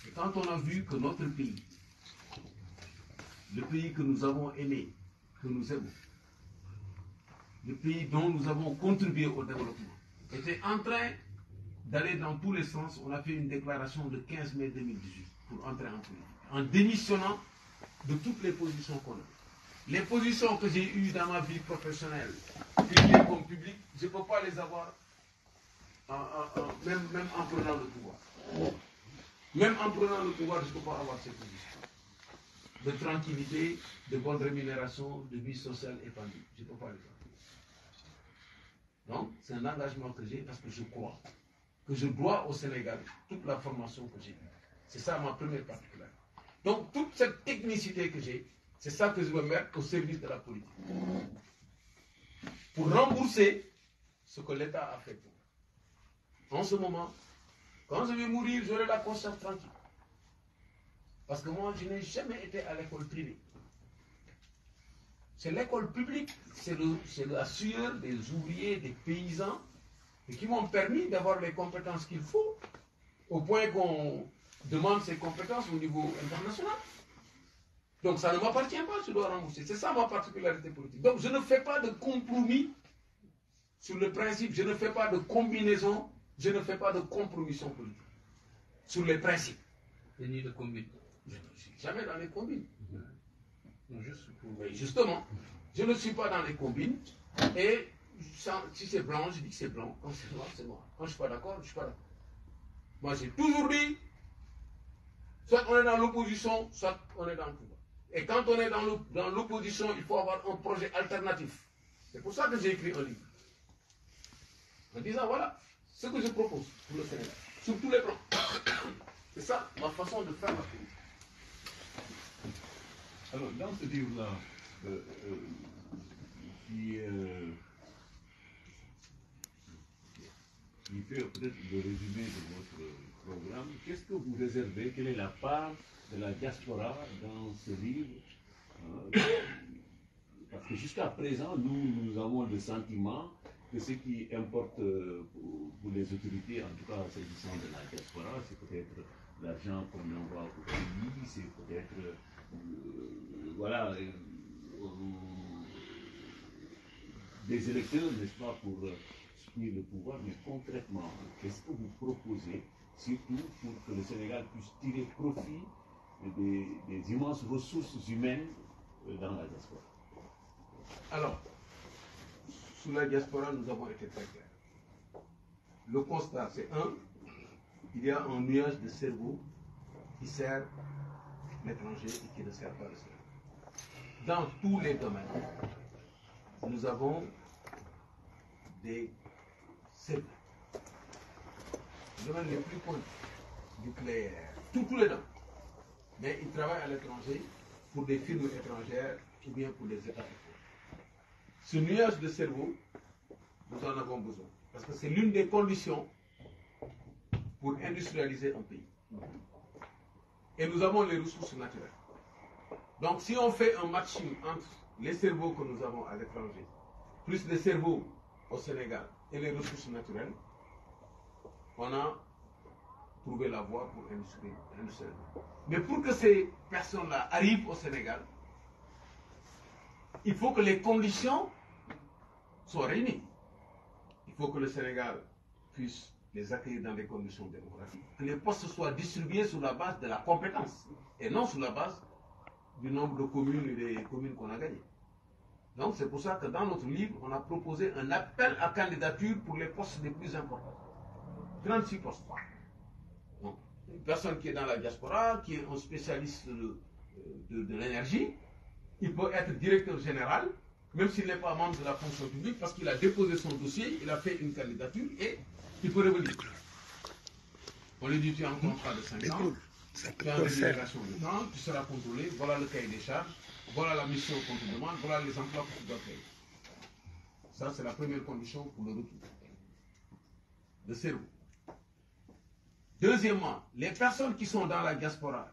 Et quand on a vu que notre pays, le pays que nous avons aimé, que nous aimons, le pays dont nous avons contribué au développement, était en train d'aller dans tous les sens. On a fait une déclaration le 15 mai 2018 pour entrer en politique, en démissionnant de toutes les positions qu'on a. Les positions que j'ai eues dans ma vie professionnelle, publique comme publique, je ne peux pas les avoir, même, en prenant le pouvoir. Même en prenant le pouvoir, je ne peux pas avoir ces positions de tranquillité, de bonne rémunération, de vie sociale épanouie. Je ne peux pas les avoir. Donc, c'est un engagement que j'ai parce que je crois que je dois au Sénégal toute la formation que j'ai C'est ça ma première particularité. Donc, toute cette technicité que j'ai, c'est ça que je veux mettre au service de la politique. Pour rembourser ce que l'État a fait pour moi. En ce moment, quand je vais mourir, j'aurai la conscience tranquille. Parce que moi, je n'ai jamais été à l'école privée. C'est l'école publique, c'est la sueur des ouvriers, des paysans, et qui m'ont permis d'avoir les compétences qu'il faut, au point qu'on demande ces compétences au niveau international. Donc ça ne m'appartient pas, je dois rembourser. C'est ça ma particularité politique. Donc je ne fais pas de compromis sur le principe, je ne fais pas de combinaison, je ne fais pas de compromission politique sur les principes. ni de Je ne jamais dans les combines. Justement, je ne suis pas dans les combines et si c'est blanc, je dis que c'est blanc. Quand c'est noir, c'est noir. Quand je ne suis pas d'accord, je ne suis pas d'accord. Moi, j'ai toujours dit, soit on est dans l'opposition, soit on est dans le pouvoir. Et quand on est dans l'opposition, il faut avoir un projet alternatif. C'est pour ça que j'ai écrit un livre. En disant, voilà, ce que je propose pour le Sénégal, sur tous les plans. C'est ça ma façon de faire ma politique. Alors, dans ce livre-là, euh, euh, euh, qui, fait peut-être le résumé de votre programme, qu'est-ce que vous réservez Quelle est la part de la diaspora dans ce livre Parce que jusqu'à présent, nous, avons le sentiment que ce qui importe pour les autorités, en tout cas s'agissant de la diaspora, c'est peut-être l'argent qu'on envoie au pays, c'est peut-être euh, voilà, euh, euh, des électeurs, n'est-ce pas, pour soutenir le pouvoir, mais concrètement, qu'est-ce que vous proposez, surtout pour que le Sénégal puisse tirer profit des, immenses ressources humaines dans la diaspora Alors, sous la diaspora, nous avons été très clairs. Le constat, c'est un, il y a un nuage de cerveau qui sert l'étranger et qui ne sert pas le Seigneur. Dans tous les domaines, nous avons des cerveaux. Le domaine le plus connu, nucléaire, tout, tous les domaines. Mais ils travaillent à l'étranger pour des firmes étrangères ou bien pour des États Ce nuage de cerveau, nous en avons besoin. Parce que c'est l'une des conditions pour industrialiser un pays et nous avons les ressources naturelles. Donc si on fait un matching entre les cerveaux que nous avons à l'étranger, plus les cerveaux au Sénégal et les ressources naturelles, on a trouvé la voie pour l'industrie. Mais pour que ces personnes-là arrivent au Sénégal, il faut que les conditions soient réunies. Il faut que le Sénégal puisse les accueillir dans les conditions démocratiques, que les postes soient distribués sur la base de la compétence et non sur la base du nombre de communes et des communes qu'on a gagnées. Donc c'est pour ça que dans notre livre, on a proposé un appel à candidature pour les postes les plus importants. 36 postes. une personne qui est dans la diaspora, qui est un spécialiste de, de l'énergie, il peut être directeur général, même s'il n'est pas membre de la fonction publique, parce qu'il a déposé son dossier, il a fait une candidature et tu peux revenir. On lui dit tu es un contrat de 5 ans, tu as une rémunération de temps, tu seras contrôlé, voilà le cahier des charges, voilà la mission qu'on te demande, voilà les emplois que tu dois faire. Ça, c'est la première condition pour le retour de zéro. Deuxièmement, les personnes qui sont dans la diaspora,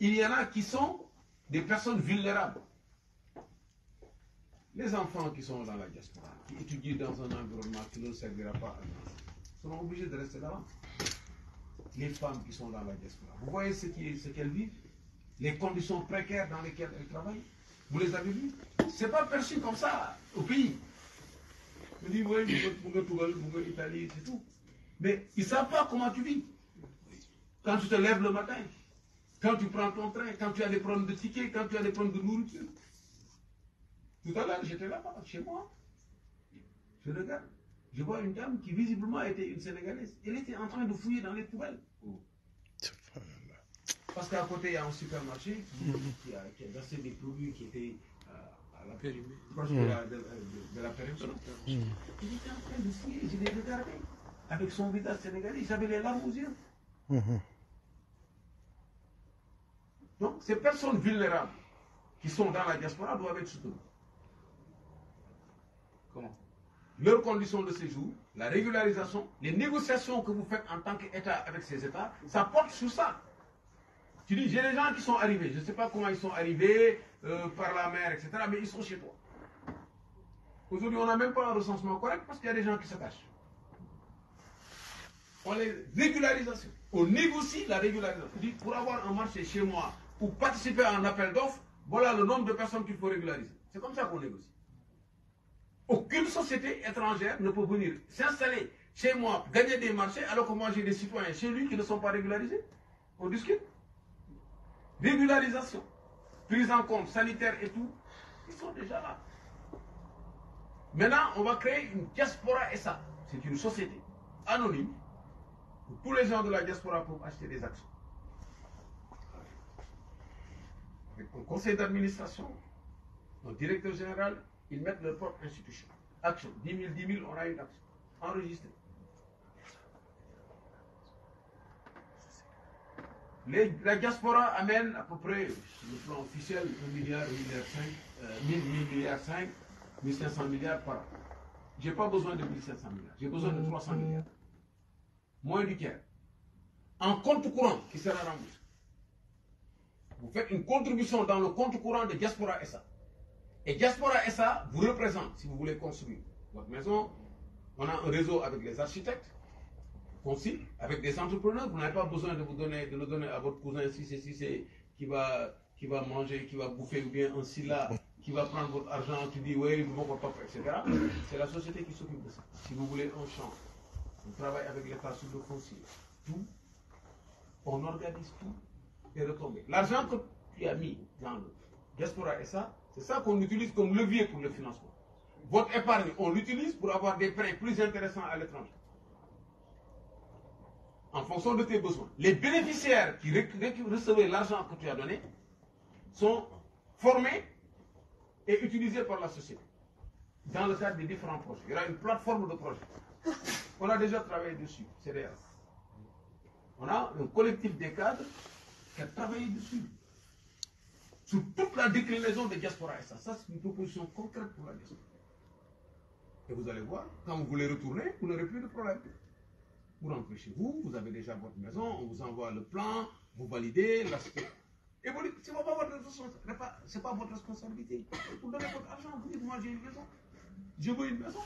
il y en a qui sont des personnes vulnérables. Les enfants qui sont dans la diaspora, qui étudient dans un environnement qui ne servira pas à seront obligés de rester là-bas. Les femmes qui sont là la diaspora. Vous voyez ce qu'elles ce vivent Les conditions précaires dans lesquelles elles travaillent Vous les avez vues C'est pas perçu comme ça au pays. dit, oui, Italie, c'est tout. Mais ils ne savent pas comment tu vis. Quand tu te lèves le matin, quand tu prends ton train, quand tu as des problèmes de tickets, quand tu as des problèmes de nourriture. Tout à l'heure, j'étais là-bas, chez moi. Je regarde je vois une dame qui visiblement était une Sénégalaise. Elle était en train de fouiller dans les poubelles. Parce qu'à côté, il y a un supermarché qui, a, qui versé des produits qui étaient euh, à la périmée, proche de la, période. Mm. Il était en train de fouiller, je l'ai regardé. Avec son visage sénégalais, Il avait les larmes aux yeux. Mm-hmm. Donc, ces personnes vulnérables qui sont dans la diaspora doivent être soutenues. Comment leurs conditions de séjour, la régularisation, les négociations que vous faites en tant qu'État avec ces États, ça porte sur ça. Tu dis, j'ai des gens qui sont arrivés, je ne sais pas comment ils sont arrivés, euh, par la mer, etc., mais ils sont chez toi. Aujourd'hui, on n'a même pas un recensement correct parce qu'il y a des gens qui se cachent. On les régularisation. On négocie la régularisation. pour avoir un marché chez moi, pour participer à un appel d'offres, voilà le nombre de personnes qu'il faut régulariser. C'est comme ça qu'on négocie. Aucune société étrangère ne peut venir s'installer chez moi, gagner des marchés, alors que moi j'ai des citoyens chez lui qui ne sont pas régularisés. On discute. Régularisation, prise en compte sanitaire et tout, ils sont déjà là. Maintenant, on va créer une diaspora ça, C'est une société anonyme pour tous les gens de la diaspora peuvent acheter des actions. Avec un conseil d'administration, un directeur général, ils mettent leur propre institution. Action. 10 000, 10 000, on a une action. Enregistré. la diaspora amène à peu près, sur le plan officiel, 1 milliard, 1 milliard 5, euh, 1 milliards 5, 1500 milliards par an. Je n'ai pas besoin de 1500 milliards, j'ai besoin de 300 milliards. Moins du tiers. En compte courant qui sera remboursé. Vous faites une contribution dans le compte courant de diaspora SA. Et Diaspora SA vous représente si vous voulez construire votre maison. On a un réseau avec les architectes, avec des entrepreneurs. Vous n'avez pas besoin de vous donner, de le donner à votre cousin si c'est si c'est qui va qui va manger, qui va bouffer ou bien un là, qui va prendre votre argent, qui dit oui, mon papa, etc. C'est la société qui s'occupe de ça. Si vous voulez un champ, on travaille avec les parcelles de foncier. Tout, on organise tout et retombe. L'argent que tu as mis dans le diaspora ça. C'est ça qu'on utilise comme levier pour le financement. Votre épargne, on l'utilise pour avoir des prêts plus intéressants à l'étranger. En fonction de tes besoins. Les bénéficiaires qui recevaient l'argent que tu as donné sont formés et utilisés par la société dans le cadre des différents projets. Il y aura une plateforme de projets. On a déjà travaillé dessus, c'est réel. On a un collectif des cadres qui a travaillé dessus toute la déclinaison de diaspora et Ça, c'est une proposition concrète pour la diaspora. Et vous allez voir, quand vous voulez retourner, vous n'aurez plus de problème. Vous rentrez chez vous, vous avez déjà votre maison, on vous envoie le plan, vous validez l'aspect. Et vous dites, c'est pas votre responsabilité, c'est pas votre responsabilité. Vous donnez votre argent, vous dites, moi j'ai une maison, je veux une maison.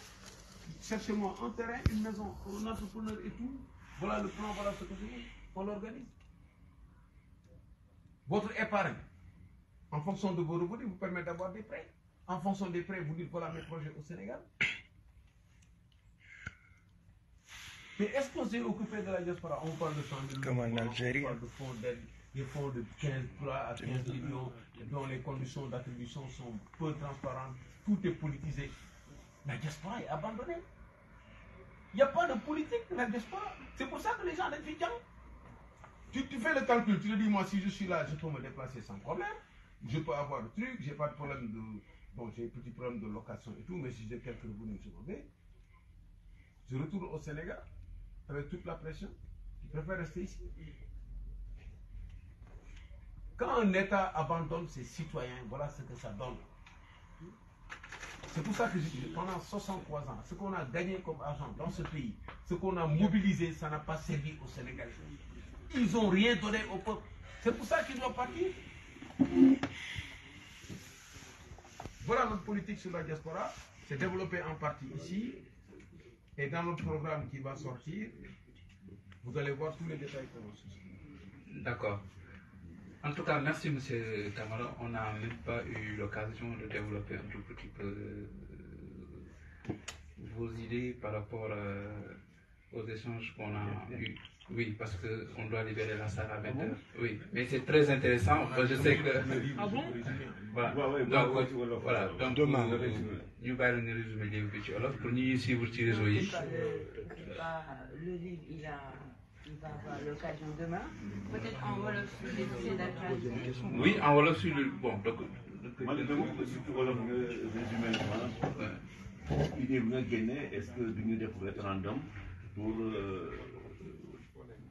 Cherchez-moi un terrain, une maison, un entrepreneur et tout. Voilà le plan, voilà ce que je veux. On l'organise. Votre épargne, en fonction de vos revenus, vous permettez d'avoir des prêts. En fonction des prêts, vous dites voilà mes projets au Sénégal. Mais est-ce qu'on s'est occupé de la diaspora On parle de fonds en Algérie. On parle de fonds des fonds de 15, 3 à 15 millions, dont les conditions d'attribution sont peu transparentes. Tout est politisé. La diaspora est abandonnée. Il n'y a pas de politique la diaspora. C'est pour ça que les gens sont étudiants. Tu, tu fais le calcul, tu te dis, moi, si je suis là, je peux me déplacer sans problème je peux avoir le truc, j'ai pas de problème de. Bon, j'ai un petit problème de location et tout, mais si j'ai quelques revenus, je vais. Je retourne au Sénégal avec toute la pression. Je préfère rester ici. Quand un État abandonne ses citoyens, voilà ce que ça donne. C'est pour ça que pendant 63 ans, ce qu'on a gagné comme argent dans ce pays, ce qu'on a mobilisé, ça n'a pas servi au Sénégal. Ils n'ont rien donné au peuple. C'est pour ça qu'ils doivent partir. Voilà notre politique sur la diaspora. C'est développé en partie ici. Et dans notre programme qui va sortir, vous allez voir tous les détails D'accord. En tout cas, merci Monsieur Tamara. On n'a même pas eu l'occasion de développer un tout petit peu euh, vos idées par rapport euh, aux échanges qu'on a eus. Oui, parce qu'on doit libérer la salle à 20h. Ah oui, mais c'est très intéressant. Je sais que. Ah bon ah voilà. Donc, voilà. demain, nous allons résumer le livre Alors, pour nous suivre vous les réseaux. Euh, le livre, il a. Il va avoir l'occasion demain. Peut-être en Wolof sur les dossiers Oui, en Wolof sur le. Bon, donc. Moi, le Wolof résumé. Il est venu à Est-ce que nous devons référendum pour. Euh,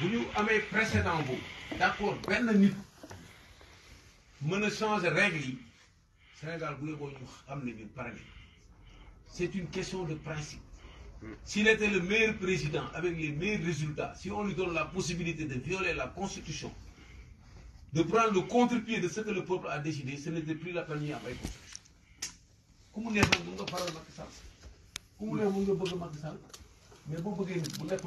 Vous avez un précédent d'accord ben nit mën a changer règle Sénégal c'est une question de principe s'il était le meilleur président avec les meilleurs résultats si on lui donne la possibilité de violer la constitution de prendre le contre-pied de ce que le peuple a décidé ce n'est plus la peine constitution ku mu Comment Macky mais boo bëggee nit bu mm-hmm. xam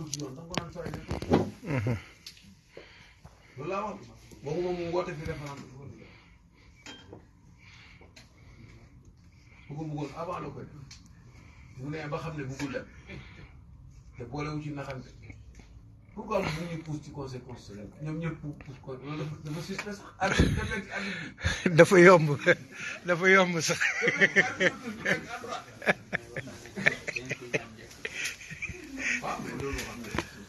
ne bëggul dem te boolewu ci naxante dafa yomb dafa yomb sax.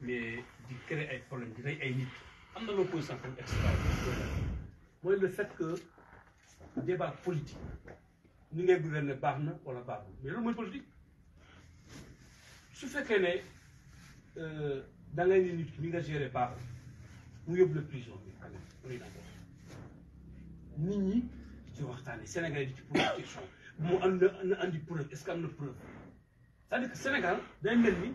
mais di créer ay problème di rey ay nit am na l'opposition comme extra mooy le fait que débat politique ni ngay gouverner baax na wala baax mais loolu mooy politique su fekkee ne euh, da ngay ne nit ki ni nga géré baaxul mu yóbbu la prison bi quand même on est d'accord nit ñi ci waxtaanee Sénégal di ci posé question mu am na andi preuve est-ce que am na preuve c'est-à-dire que Sénégal day mel ni.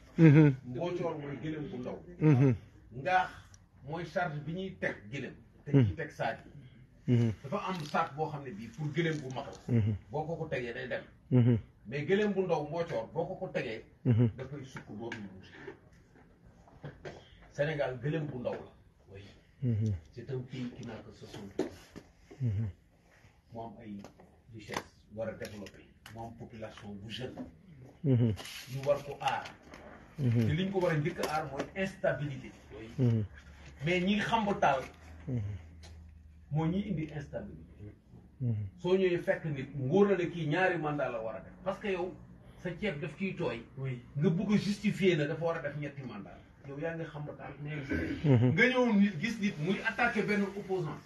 mboocoor mm-hmm. mooy gëlëm bu ndaw mm-hmm. ngaax mooy charge bi ñuy teg gëlëm te mm-hmm. ñuy teg saat dafa am saat boo xam ne bii pour gëlëm bu mag boo ko ko tegee day dem mais gëlëm bu ndaw mboocoor boo ko ko tegee dafay sukk dootul buusi Sénégal gëlëm bu ndaw la oui c'est un pays qui n'a que soixante moom ay richesse war a développé moom population bu jeune ñu war ko aar Mhm. te liñ ko war a njëkk a aar mooy instabilité. Mhm. mais ñi xam ba taal. Mhm. moo ñuy indi instabilité. soo ñëwee fekk nit mu wóor na kii ñaari mandat la war a def parce que yow sa ceeb daf ciy tooy. nga bugg a justifier na dafa war a def ñetti mandat yow yaa ngi xam ba taal nga ñëw nit gis nit muy attaqué benn opposant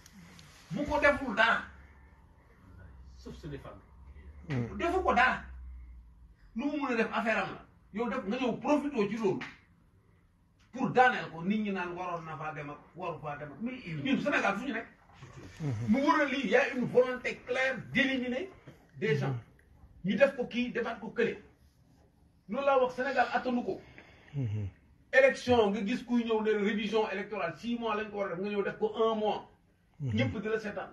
bu ko deful dara sauf su defaat. defu ko dara lu mu mun a def affaire am la. yow def nga ñëw profité ci loolu pour daaneel ko nit ñi naan waroon na faa dem ak waru faa dem ak mais ñun Sénégal fu ñu nekk. Mhm. mu wóor la lii y a une volonté claire d'éliminer des gens mhm. ñu def ko kii defaat ko kële loolu laa wax Sénégal attanu ko. Mhm. élection nga gis kuy ñëw ne révision électorale six mois lañ ko war a def nga ñëw def ko un mois. ñëpp di la seetaan.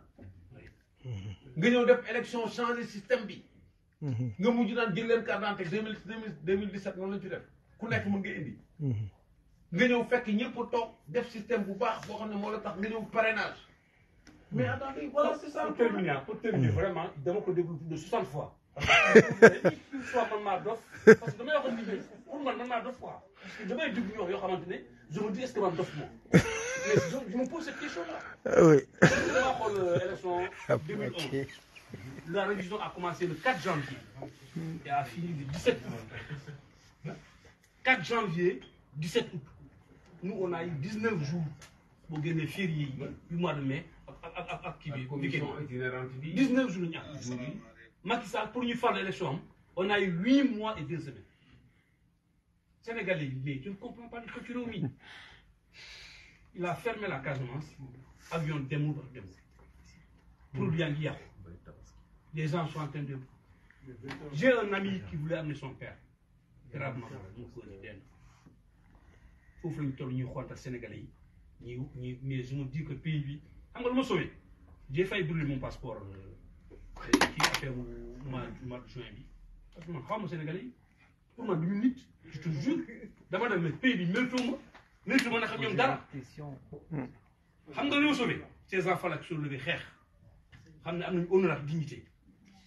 nga ñëw def élection changer système bi. Mm-hmm. nga mujj naan jël système mais attendez voilà c'est ça. pour terminer mm-hmm. vraiment dama ko de 60 fois. une fois parce que damay wax ni pour man parce que je me dis est-ce que man dof je me pose cette question là. Ah oui. La révision a commencé le 4 janvier et a fini le 17 août. 4 janvier, 17 août. Nous, on a eu 19 jours pour gagner février, 8 mois de mai, à 19 jours. Macky pour nous faire l'élection, on a eu 8 mois et 2 semaines. Sénégalais, mais tu ne comprends pas le que tu Il a fermé la Casamance, avion par démoule. Pour bien dire. Les gens sont en J'ai un ami qui voulait amener son père. Gravement malade, mu ko indi benn. foofu la ñu toll Sénégalais yi ñuy ñuy mais je me dis que pays bi xam nga lu ma j'ai fait brûler mon passeport ci fait wu mois mois de juin bi Sénégalais yi pour man du nit je te jure dama dem mes pays bi méritoo ma mérite ma naka ñoom dara. xam nga li ma ces enfants là qui sont levés xeex xam ne am nañu honneur ak dignité.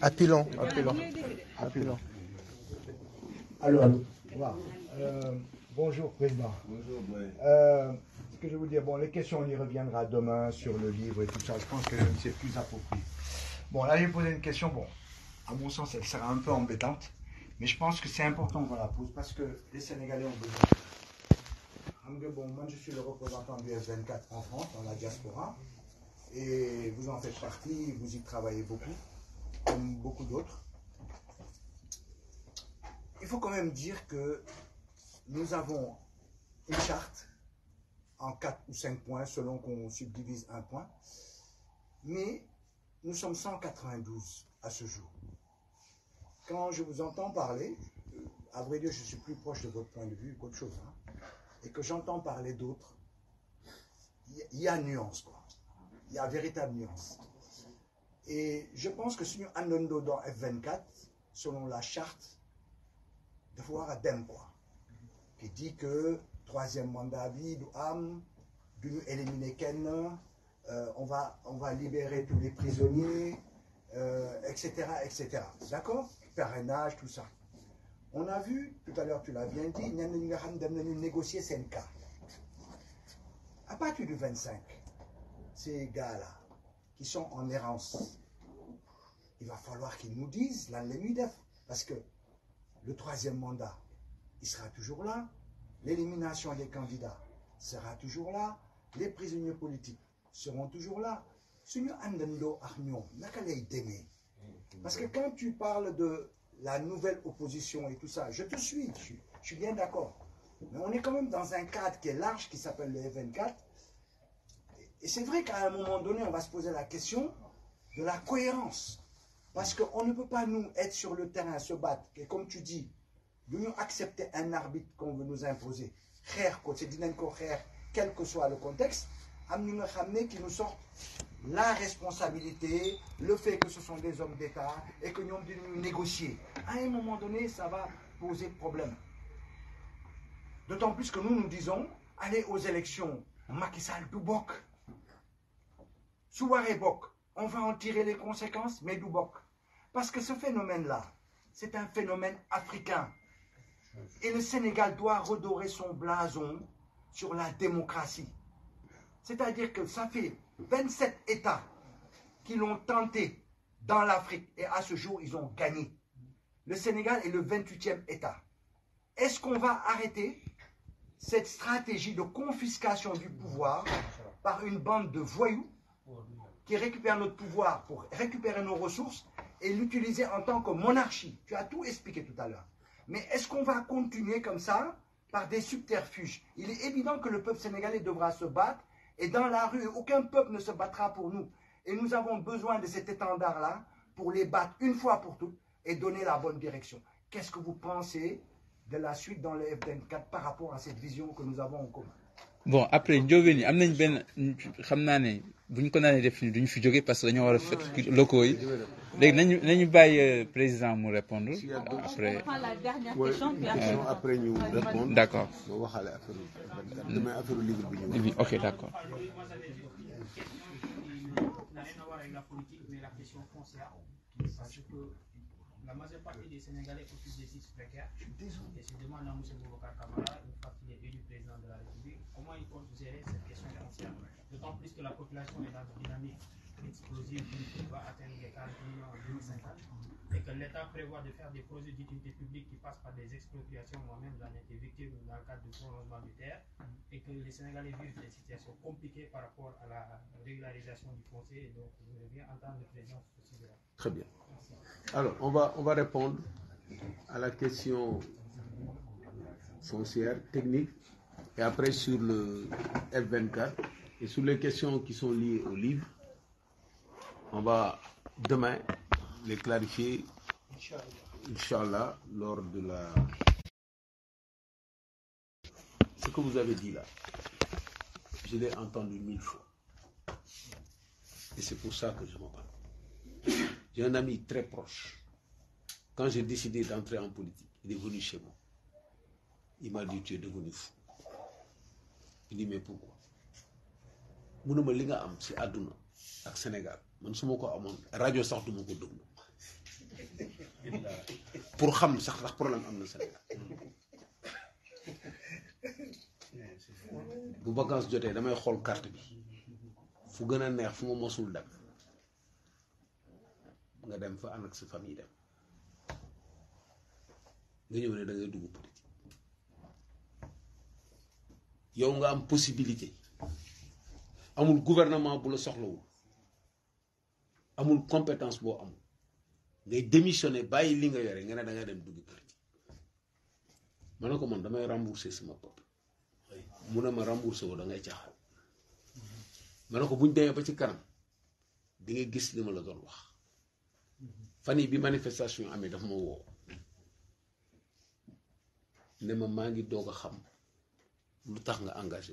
Appelant. Appelant. Appelant. Allô, euh, bonjour, Président. Bonjour, euh, Ce que je veux dire, bon, les questions, on y reviendra demain sur le livre et tout ça. Je pense que c'est plus approprié. Bon, là, j'ai posé une question. Bon, à mon sens, elle sera un peu embêtante. Mais je pense que c'est important qu'on la pose parce que les Sénégalais ont besoin. Bon, moi je suis le représentant du s 24 en France, dans la diaspora, et vous en faites partie, vous y travaillez beaucoup comme beaucoup d'autres, il faut quand même dire que nous avons une charte en quatre ou cinq points, selon qu'on subdivise un point, mais nous sommes 192 à ce jour. Quand je vous entends parler, euh, à vrai dire, je suis plus proche de votre point de vue qu'autre chose, hein, et que j'entends parler d'autres, il y, a nuance, quoi. Il y a véritable nuance. Et je pense que si nous dans F24, selon la charte, de voir à qui dit que troisième mandat vie, nous âme, éliminer Ken, euh, on, va, on va libérer tous les prisonniers, etc. Euh, etc. D'accord Parrainage, tout ça. On a vu, tout à l'heure tu l'as bien dit, négocier CNK. À partir du 25, c'est gars-là, qui sont en errance. Il va falloir qu'ils nous disent l'année parce que le troisième mandat, il sera toujours là, l'élimination des candidats sera toujours là, les prisonniers politiques seront toujours là. Parce que quand tu parles de la nouvelle opposition et tout ça, je te suis, je, suis bien d'accord. Mais on est quand même dans un cadre qui est large, qui s'appelle le F24, et c'est vrai qu'à un moment donné, on va se poser la question de la cohérence. Parce qu'on ne peut pas, nous, être sur le terrain, se battre. Et comme tu dis, nous, nous accepter un arbitre qu'on veut nous imposer. Quel que soit le contexte, qui nous sorte la responsabilité, le fait que ce sont des hommes d'État et que nous devons négocier. À un moment donné, ça va poser problème. D'autant plus que nous nous disons, allez aux élections, Macky Sall Dubok su on va en tirer les conséquences mais du parce que ce phénomène-là c'est un phénomène africain et le Sénégal doit redorer son blason sur la démocratie c'est-à-dire que ça fait 27 États qui l'ont tenté dans l'Afrique et à ce jour ils ont gagné le Sénégal est le 28e État est-ce qu'on va arrêter cette stratégie de confiscation du pouvoir par une bande de voyous qui récupère notre pouvoir pour récupérer nos ressources et l'utiliser en tant que monarchie. Tu as tout expliqué tout à l'heure. Mais est-ce qu'on va continuer comme ça par des subterfuges Il est évident que le peuple sénégalais devra se battre et dans la rue, aucun peuple ne se battra pour nous. Et nous avons besoin de cet étendard-là pour les battre une fois pour toutes et donner la bonne direction. Qu'est-ce que vous pensez de la suite dans le F24 par rapport à cette vision que nous avons en commun Bon, après, Giovanni, buñ ko naanee def fii du fi jógee parce que dañoo war a fet locaux yi léegi nañu nañu bàyyi euh, président mu répondre après après ñu répondre d' accord ok d' accord la majeure partie des Sénégalais occupent des sites précaires. Et je demande à M. Boubacar Kamara, une fois qu'il est élu président de la République, comment il compte gérer cette question foncière d'autant plus que la population est dans une dynamique explosive qui va atteindre les 40 millions en 2050 et que l'État prévoit de faire des projets d'utilité publique qui passent par des expropriations. Moi-même, j'en ai été victime dans le cadre du prolongement du terre et que les Sénégalais vivent des situations compliquées par rapport à la régularisation du foncier. Et donc, je voudrais bien entendre le présence. ce Très bien. Alors, on va, on va répondre à la question foncière, technique, et après sur le F24. Et sur les questions qui sont liées au livre, on va demain les clarifier, Inch'Allah, lors de la... Ce que vous avez dit là, je l'ai entendu mille fois. Et c'est pour ça que je m'en parle. J'ai un ami très proche. Quand j'ai décidé d'entrer en politique, il est venu chez moi. Il m'a dit, tu es devenu fou. Il dit, mais pourquoi munuma li nga am ci aduna ak sénégal man suma ko amoon radio sax duma ko dugg pour xam sax sax problème am na sénégal bu vacances jotee damay xol carte bi fu gën a neex fu ma mosul dem nga dem fa ànd ak sa famille dem nga ñëw ne da ngay dugg politique yow nga am possibilité amul gouvernement bu la a amul compétence amul ngay démissionné bàyyi li nga nga ne da nga dem dugg kër ko man damay remboursé sama mu ne ma remboursé da ngay ma ko buñ demee ba ci kanam gis la doon wax bi manifestation ma ne ma xam engagé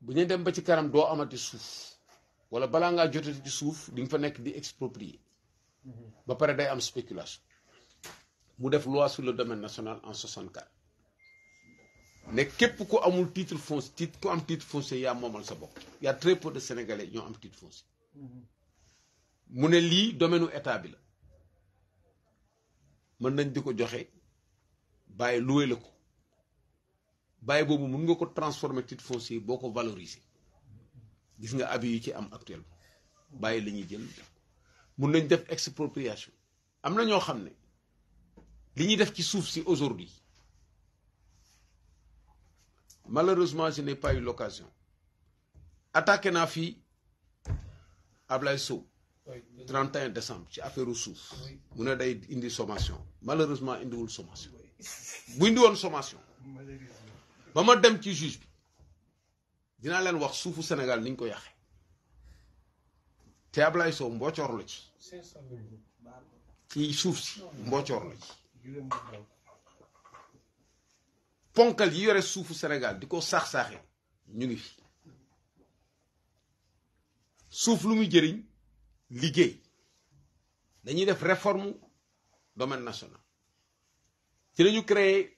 bu ñu dem ba ci karam doo amati suuf wala bala nga jotati ci suuf di nga fa nekk di exproprier ba pare day am spéculation mu def loi sur le domaine national en 64 ne képp ku amul titre foncier titre ku am titre foncier yaa moomal sa bopp y' a très peu de sénégalais ñoo am titre foncier mu ne lii domaine état bi la mën nañ di ko joxe bàyyi loué bàyyi bobu mën nga ko transformer titre foncier boko valoriser gis nga abi yi ci am actuellement bàyyi la jël mën nañ def expropriation am na ñoo xam li ñuy def ci souf ci aujourd'hui malheureusement je n'ai pas eu l'occasion attaqué na fi Ablaye sou 31 décembre ci affaire souf mu ne day indi sommation malheureusement indiwul sommation bu indi woon sommation ba ma dem ci juge bi dinaa leen wax suufu Sénégal ni ñu ko yàqe te Ablaye Sow mboocoor la ci ci suuf si mboocoor la ci ponkal yi yore suufu Sénégal di ko saax-saaxe ñu ngi fi suuf lu muy jëriñ liggéey dañuy def réforme domaine national ci lañu créer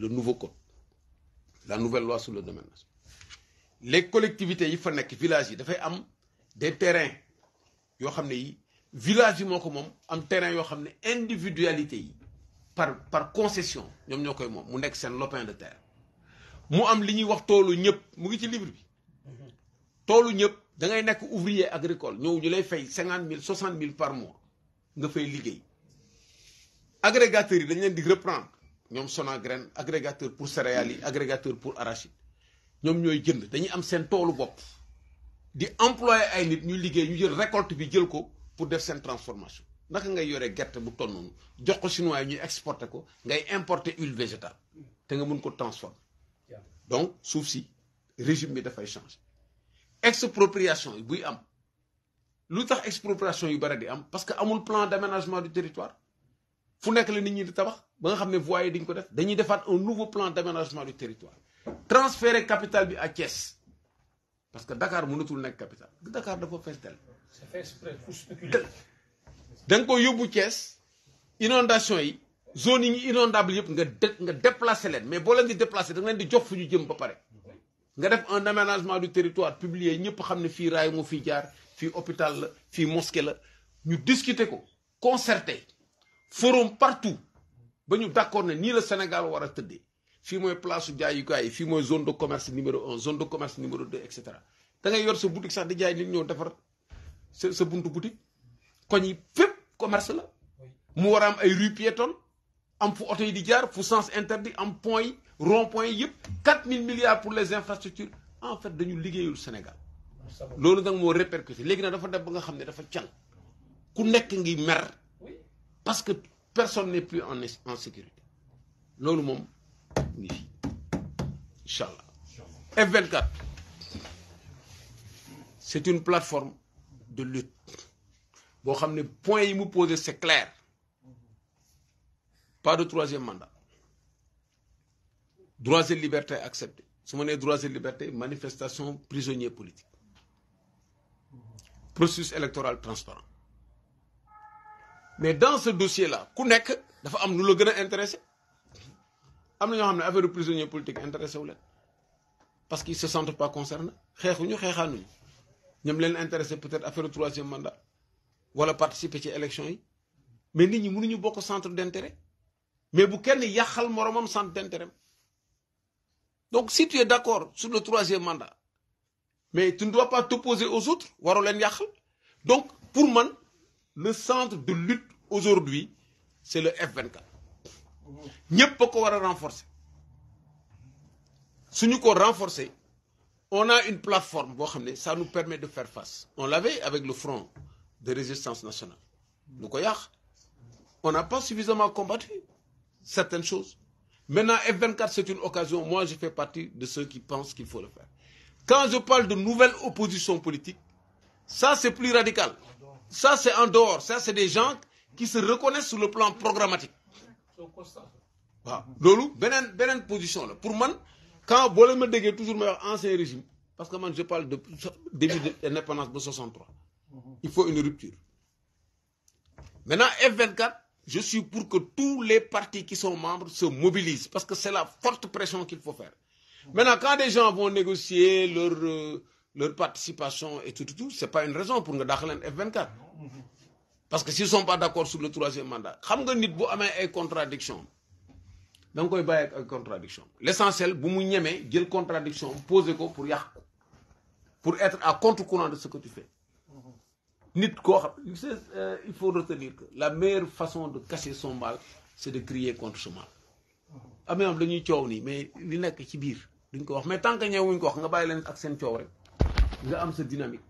le nouveau code la nouvelle loi sur le domaine national les collectivités yi fa des villages yi dafay am des terrains yo xamné des yi village yi moko mom am terrain yo xamné individualité yi par par concession ñom ñoo mom mu nek sen lopin de terre mu am li wax tolu ñëpp mu ngi ci livre bi tolu ñëpp da ngay nek ouvrier agricole nous ñu lay fay 50000 60000 000 par mois nga fay liggéey Agrégateur yi dañ leen di reprendre ñoom Sonagraines agrégateur pour céréales agrégateurs pour arachide ñom ñoy jënd dañuy am sen tolu bop di employé ay nit ñu liggéey ñu jël récolte bi jël pour def sen transformation naka ngay yoré gerte bu tonnu jox ko chinois ñuy ko ngay importer huile végétale té nga transformer donc souci si régime bi fay changer expropriation yi buy am lutax expropriation yu bari di am parce que amul plan d'aménagement du territoire fu nekk la nit ñi di tabax ba nga xam ne voies diñ ko un nouveau plan d'aménagement du territoire transférer capitale bi à Thiès parce que Dakar mënatul le capital. Dakar dafa fees del c'est fait exprès pour spéculer da nga ko yóbbu Thiès inondation yi zone yi ñu inondable yëpp nga nga déplacer leen mais boo leen di déplacer da nga leen di jox fu ñu jëm ba nga un aménagement du territoire publié ñëpp xam ne fii raay moo des jaar hôpital la mosquée la ñu discuter ko concerté forum partout Nous d'accord ne le le Sénégal ou a tëddee place su jaayukaay yi zone de commerce numéro 1, zone de commerce numéro 2, etc. T'as da ngay boutique sa boutique commerce la rue sens interdit am point rond point milliards pour les infrastructures en fait dañu liggéeyul Sénégal répercuté qui dafa nga dafa can ku nekk ngi mer parce que personne n'est plus en, en sécurité Nous, nous sommes fi F24 c'est une plateforme de lutte Vous savez, le point yi pose, c'est clair pas de troisième mandat droits et libertés acceptés Ce ma droits et libertés manifestation prisonniers politiques. processus électoral transparent mais dans ce dossier là Kounek, il dafa am nous le intéressé am a ne intéressé parce qu'ils se sentent pas concernés Nous xeexaanuñu ñoom leen intéressé peut-être le troisième mandat voilà participer à l'élection. yi mais nous ñi beaucoup de centre d'intérêt mais bu kenn pas moralement centre d'intérêt donc si tu es d'accord sur le troisième mandat mais tu ne dois pas t'opposer aux autres donc pour moi, le centre de lutte aujourd'hui c'est le F24 Nous ne ko pas renforcer nous ko renforcer on a une plateforme ça nous permet de faire face on l'avait avec le front de résistance nationale Nous, on n'a pas suffisamment combattu certaines choses maintenant F24 c'est une occasion moi je fais partie de ceux qui pensent qu'il faut le faire quand je parle de nouvelle opposition politique ça c'est plus radical ça c'est en dehors ça c'est des gens qui se reconnaissent sur le plan programmatique waaw loolu une position là. pour moi quand vous voulez me toujours meilleur ancien régime parce que moi je parle de début de l'indépendance de 63 mhm. il faut une rupture maintenant F24 je suis pour que tous les partis qui sont membres se mobilisent parce que c'est la forte pression qu'il faut faire maintenant quand des gens vont négocier leur euh, leur participation et tout tout tout c'est pas une raison pour nous F24 parce que s'ils ne sont pas d'accord sur le troisième mandat xam nga nit bu amee ay contradiction Donc pas koy bàyyi ak contradictions contradiction l'essentiel bu mu ñemee jël contradiction posé ko pour yàq pour être à contre-courant de ce que tu fais nit euh, il faut retenir que la meilleure façon de cacher son mal c'est de crier contre ce mal Amé ah, am dañuy coow ni, mais li ce ci est duñ ko wax mais tant que ñëwuñ ko wax nga bàyyi leen ak seen dynamique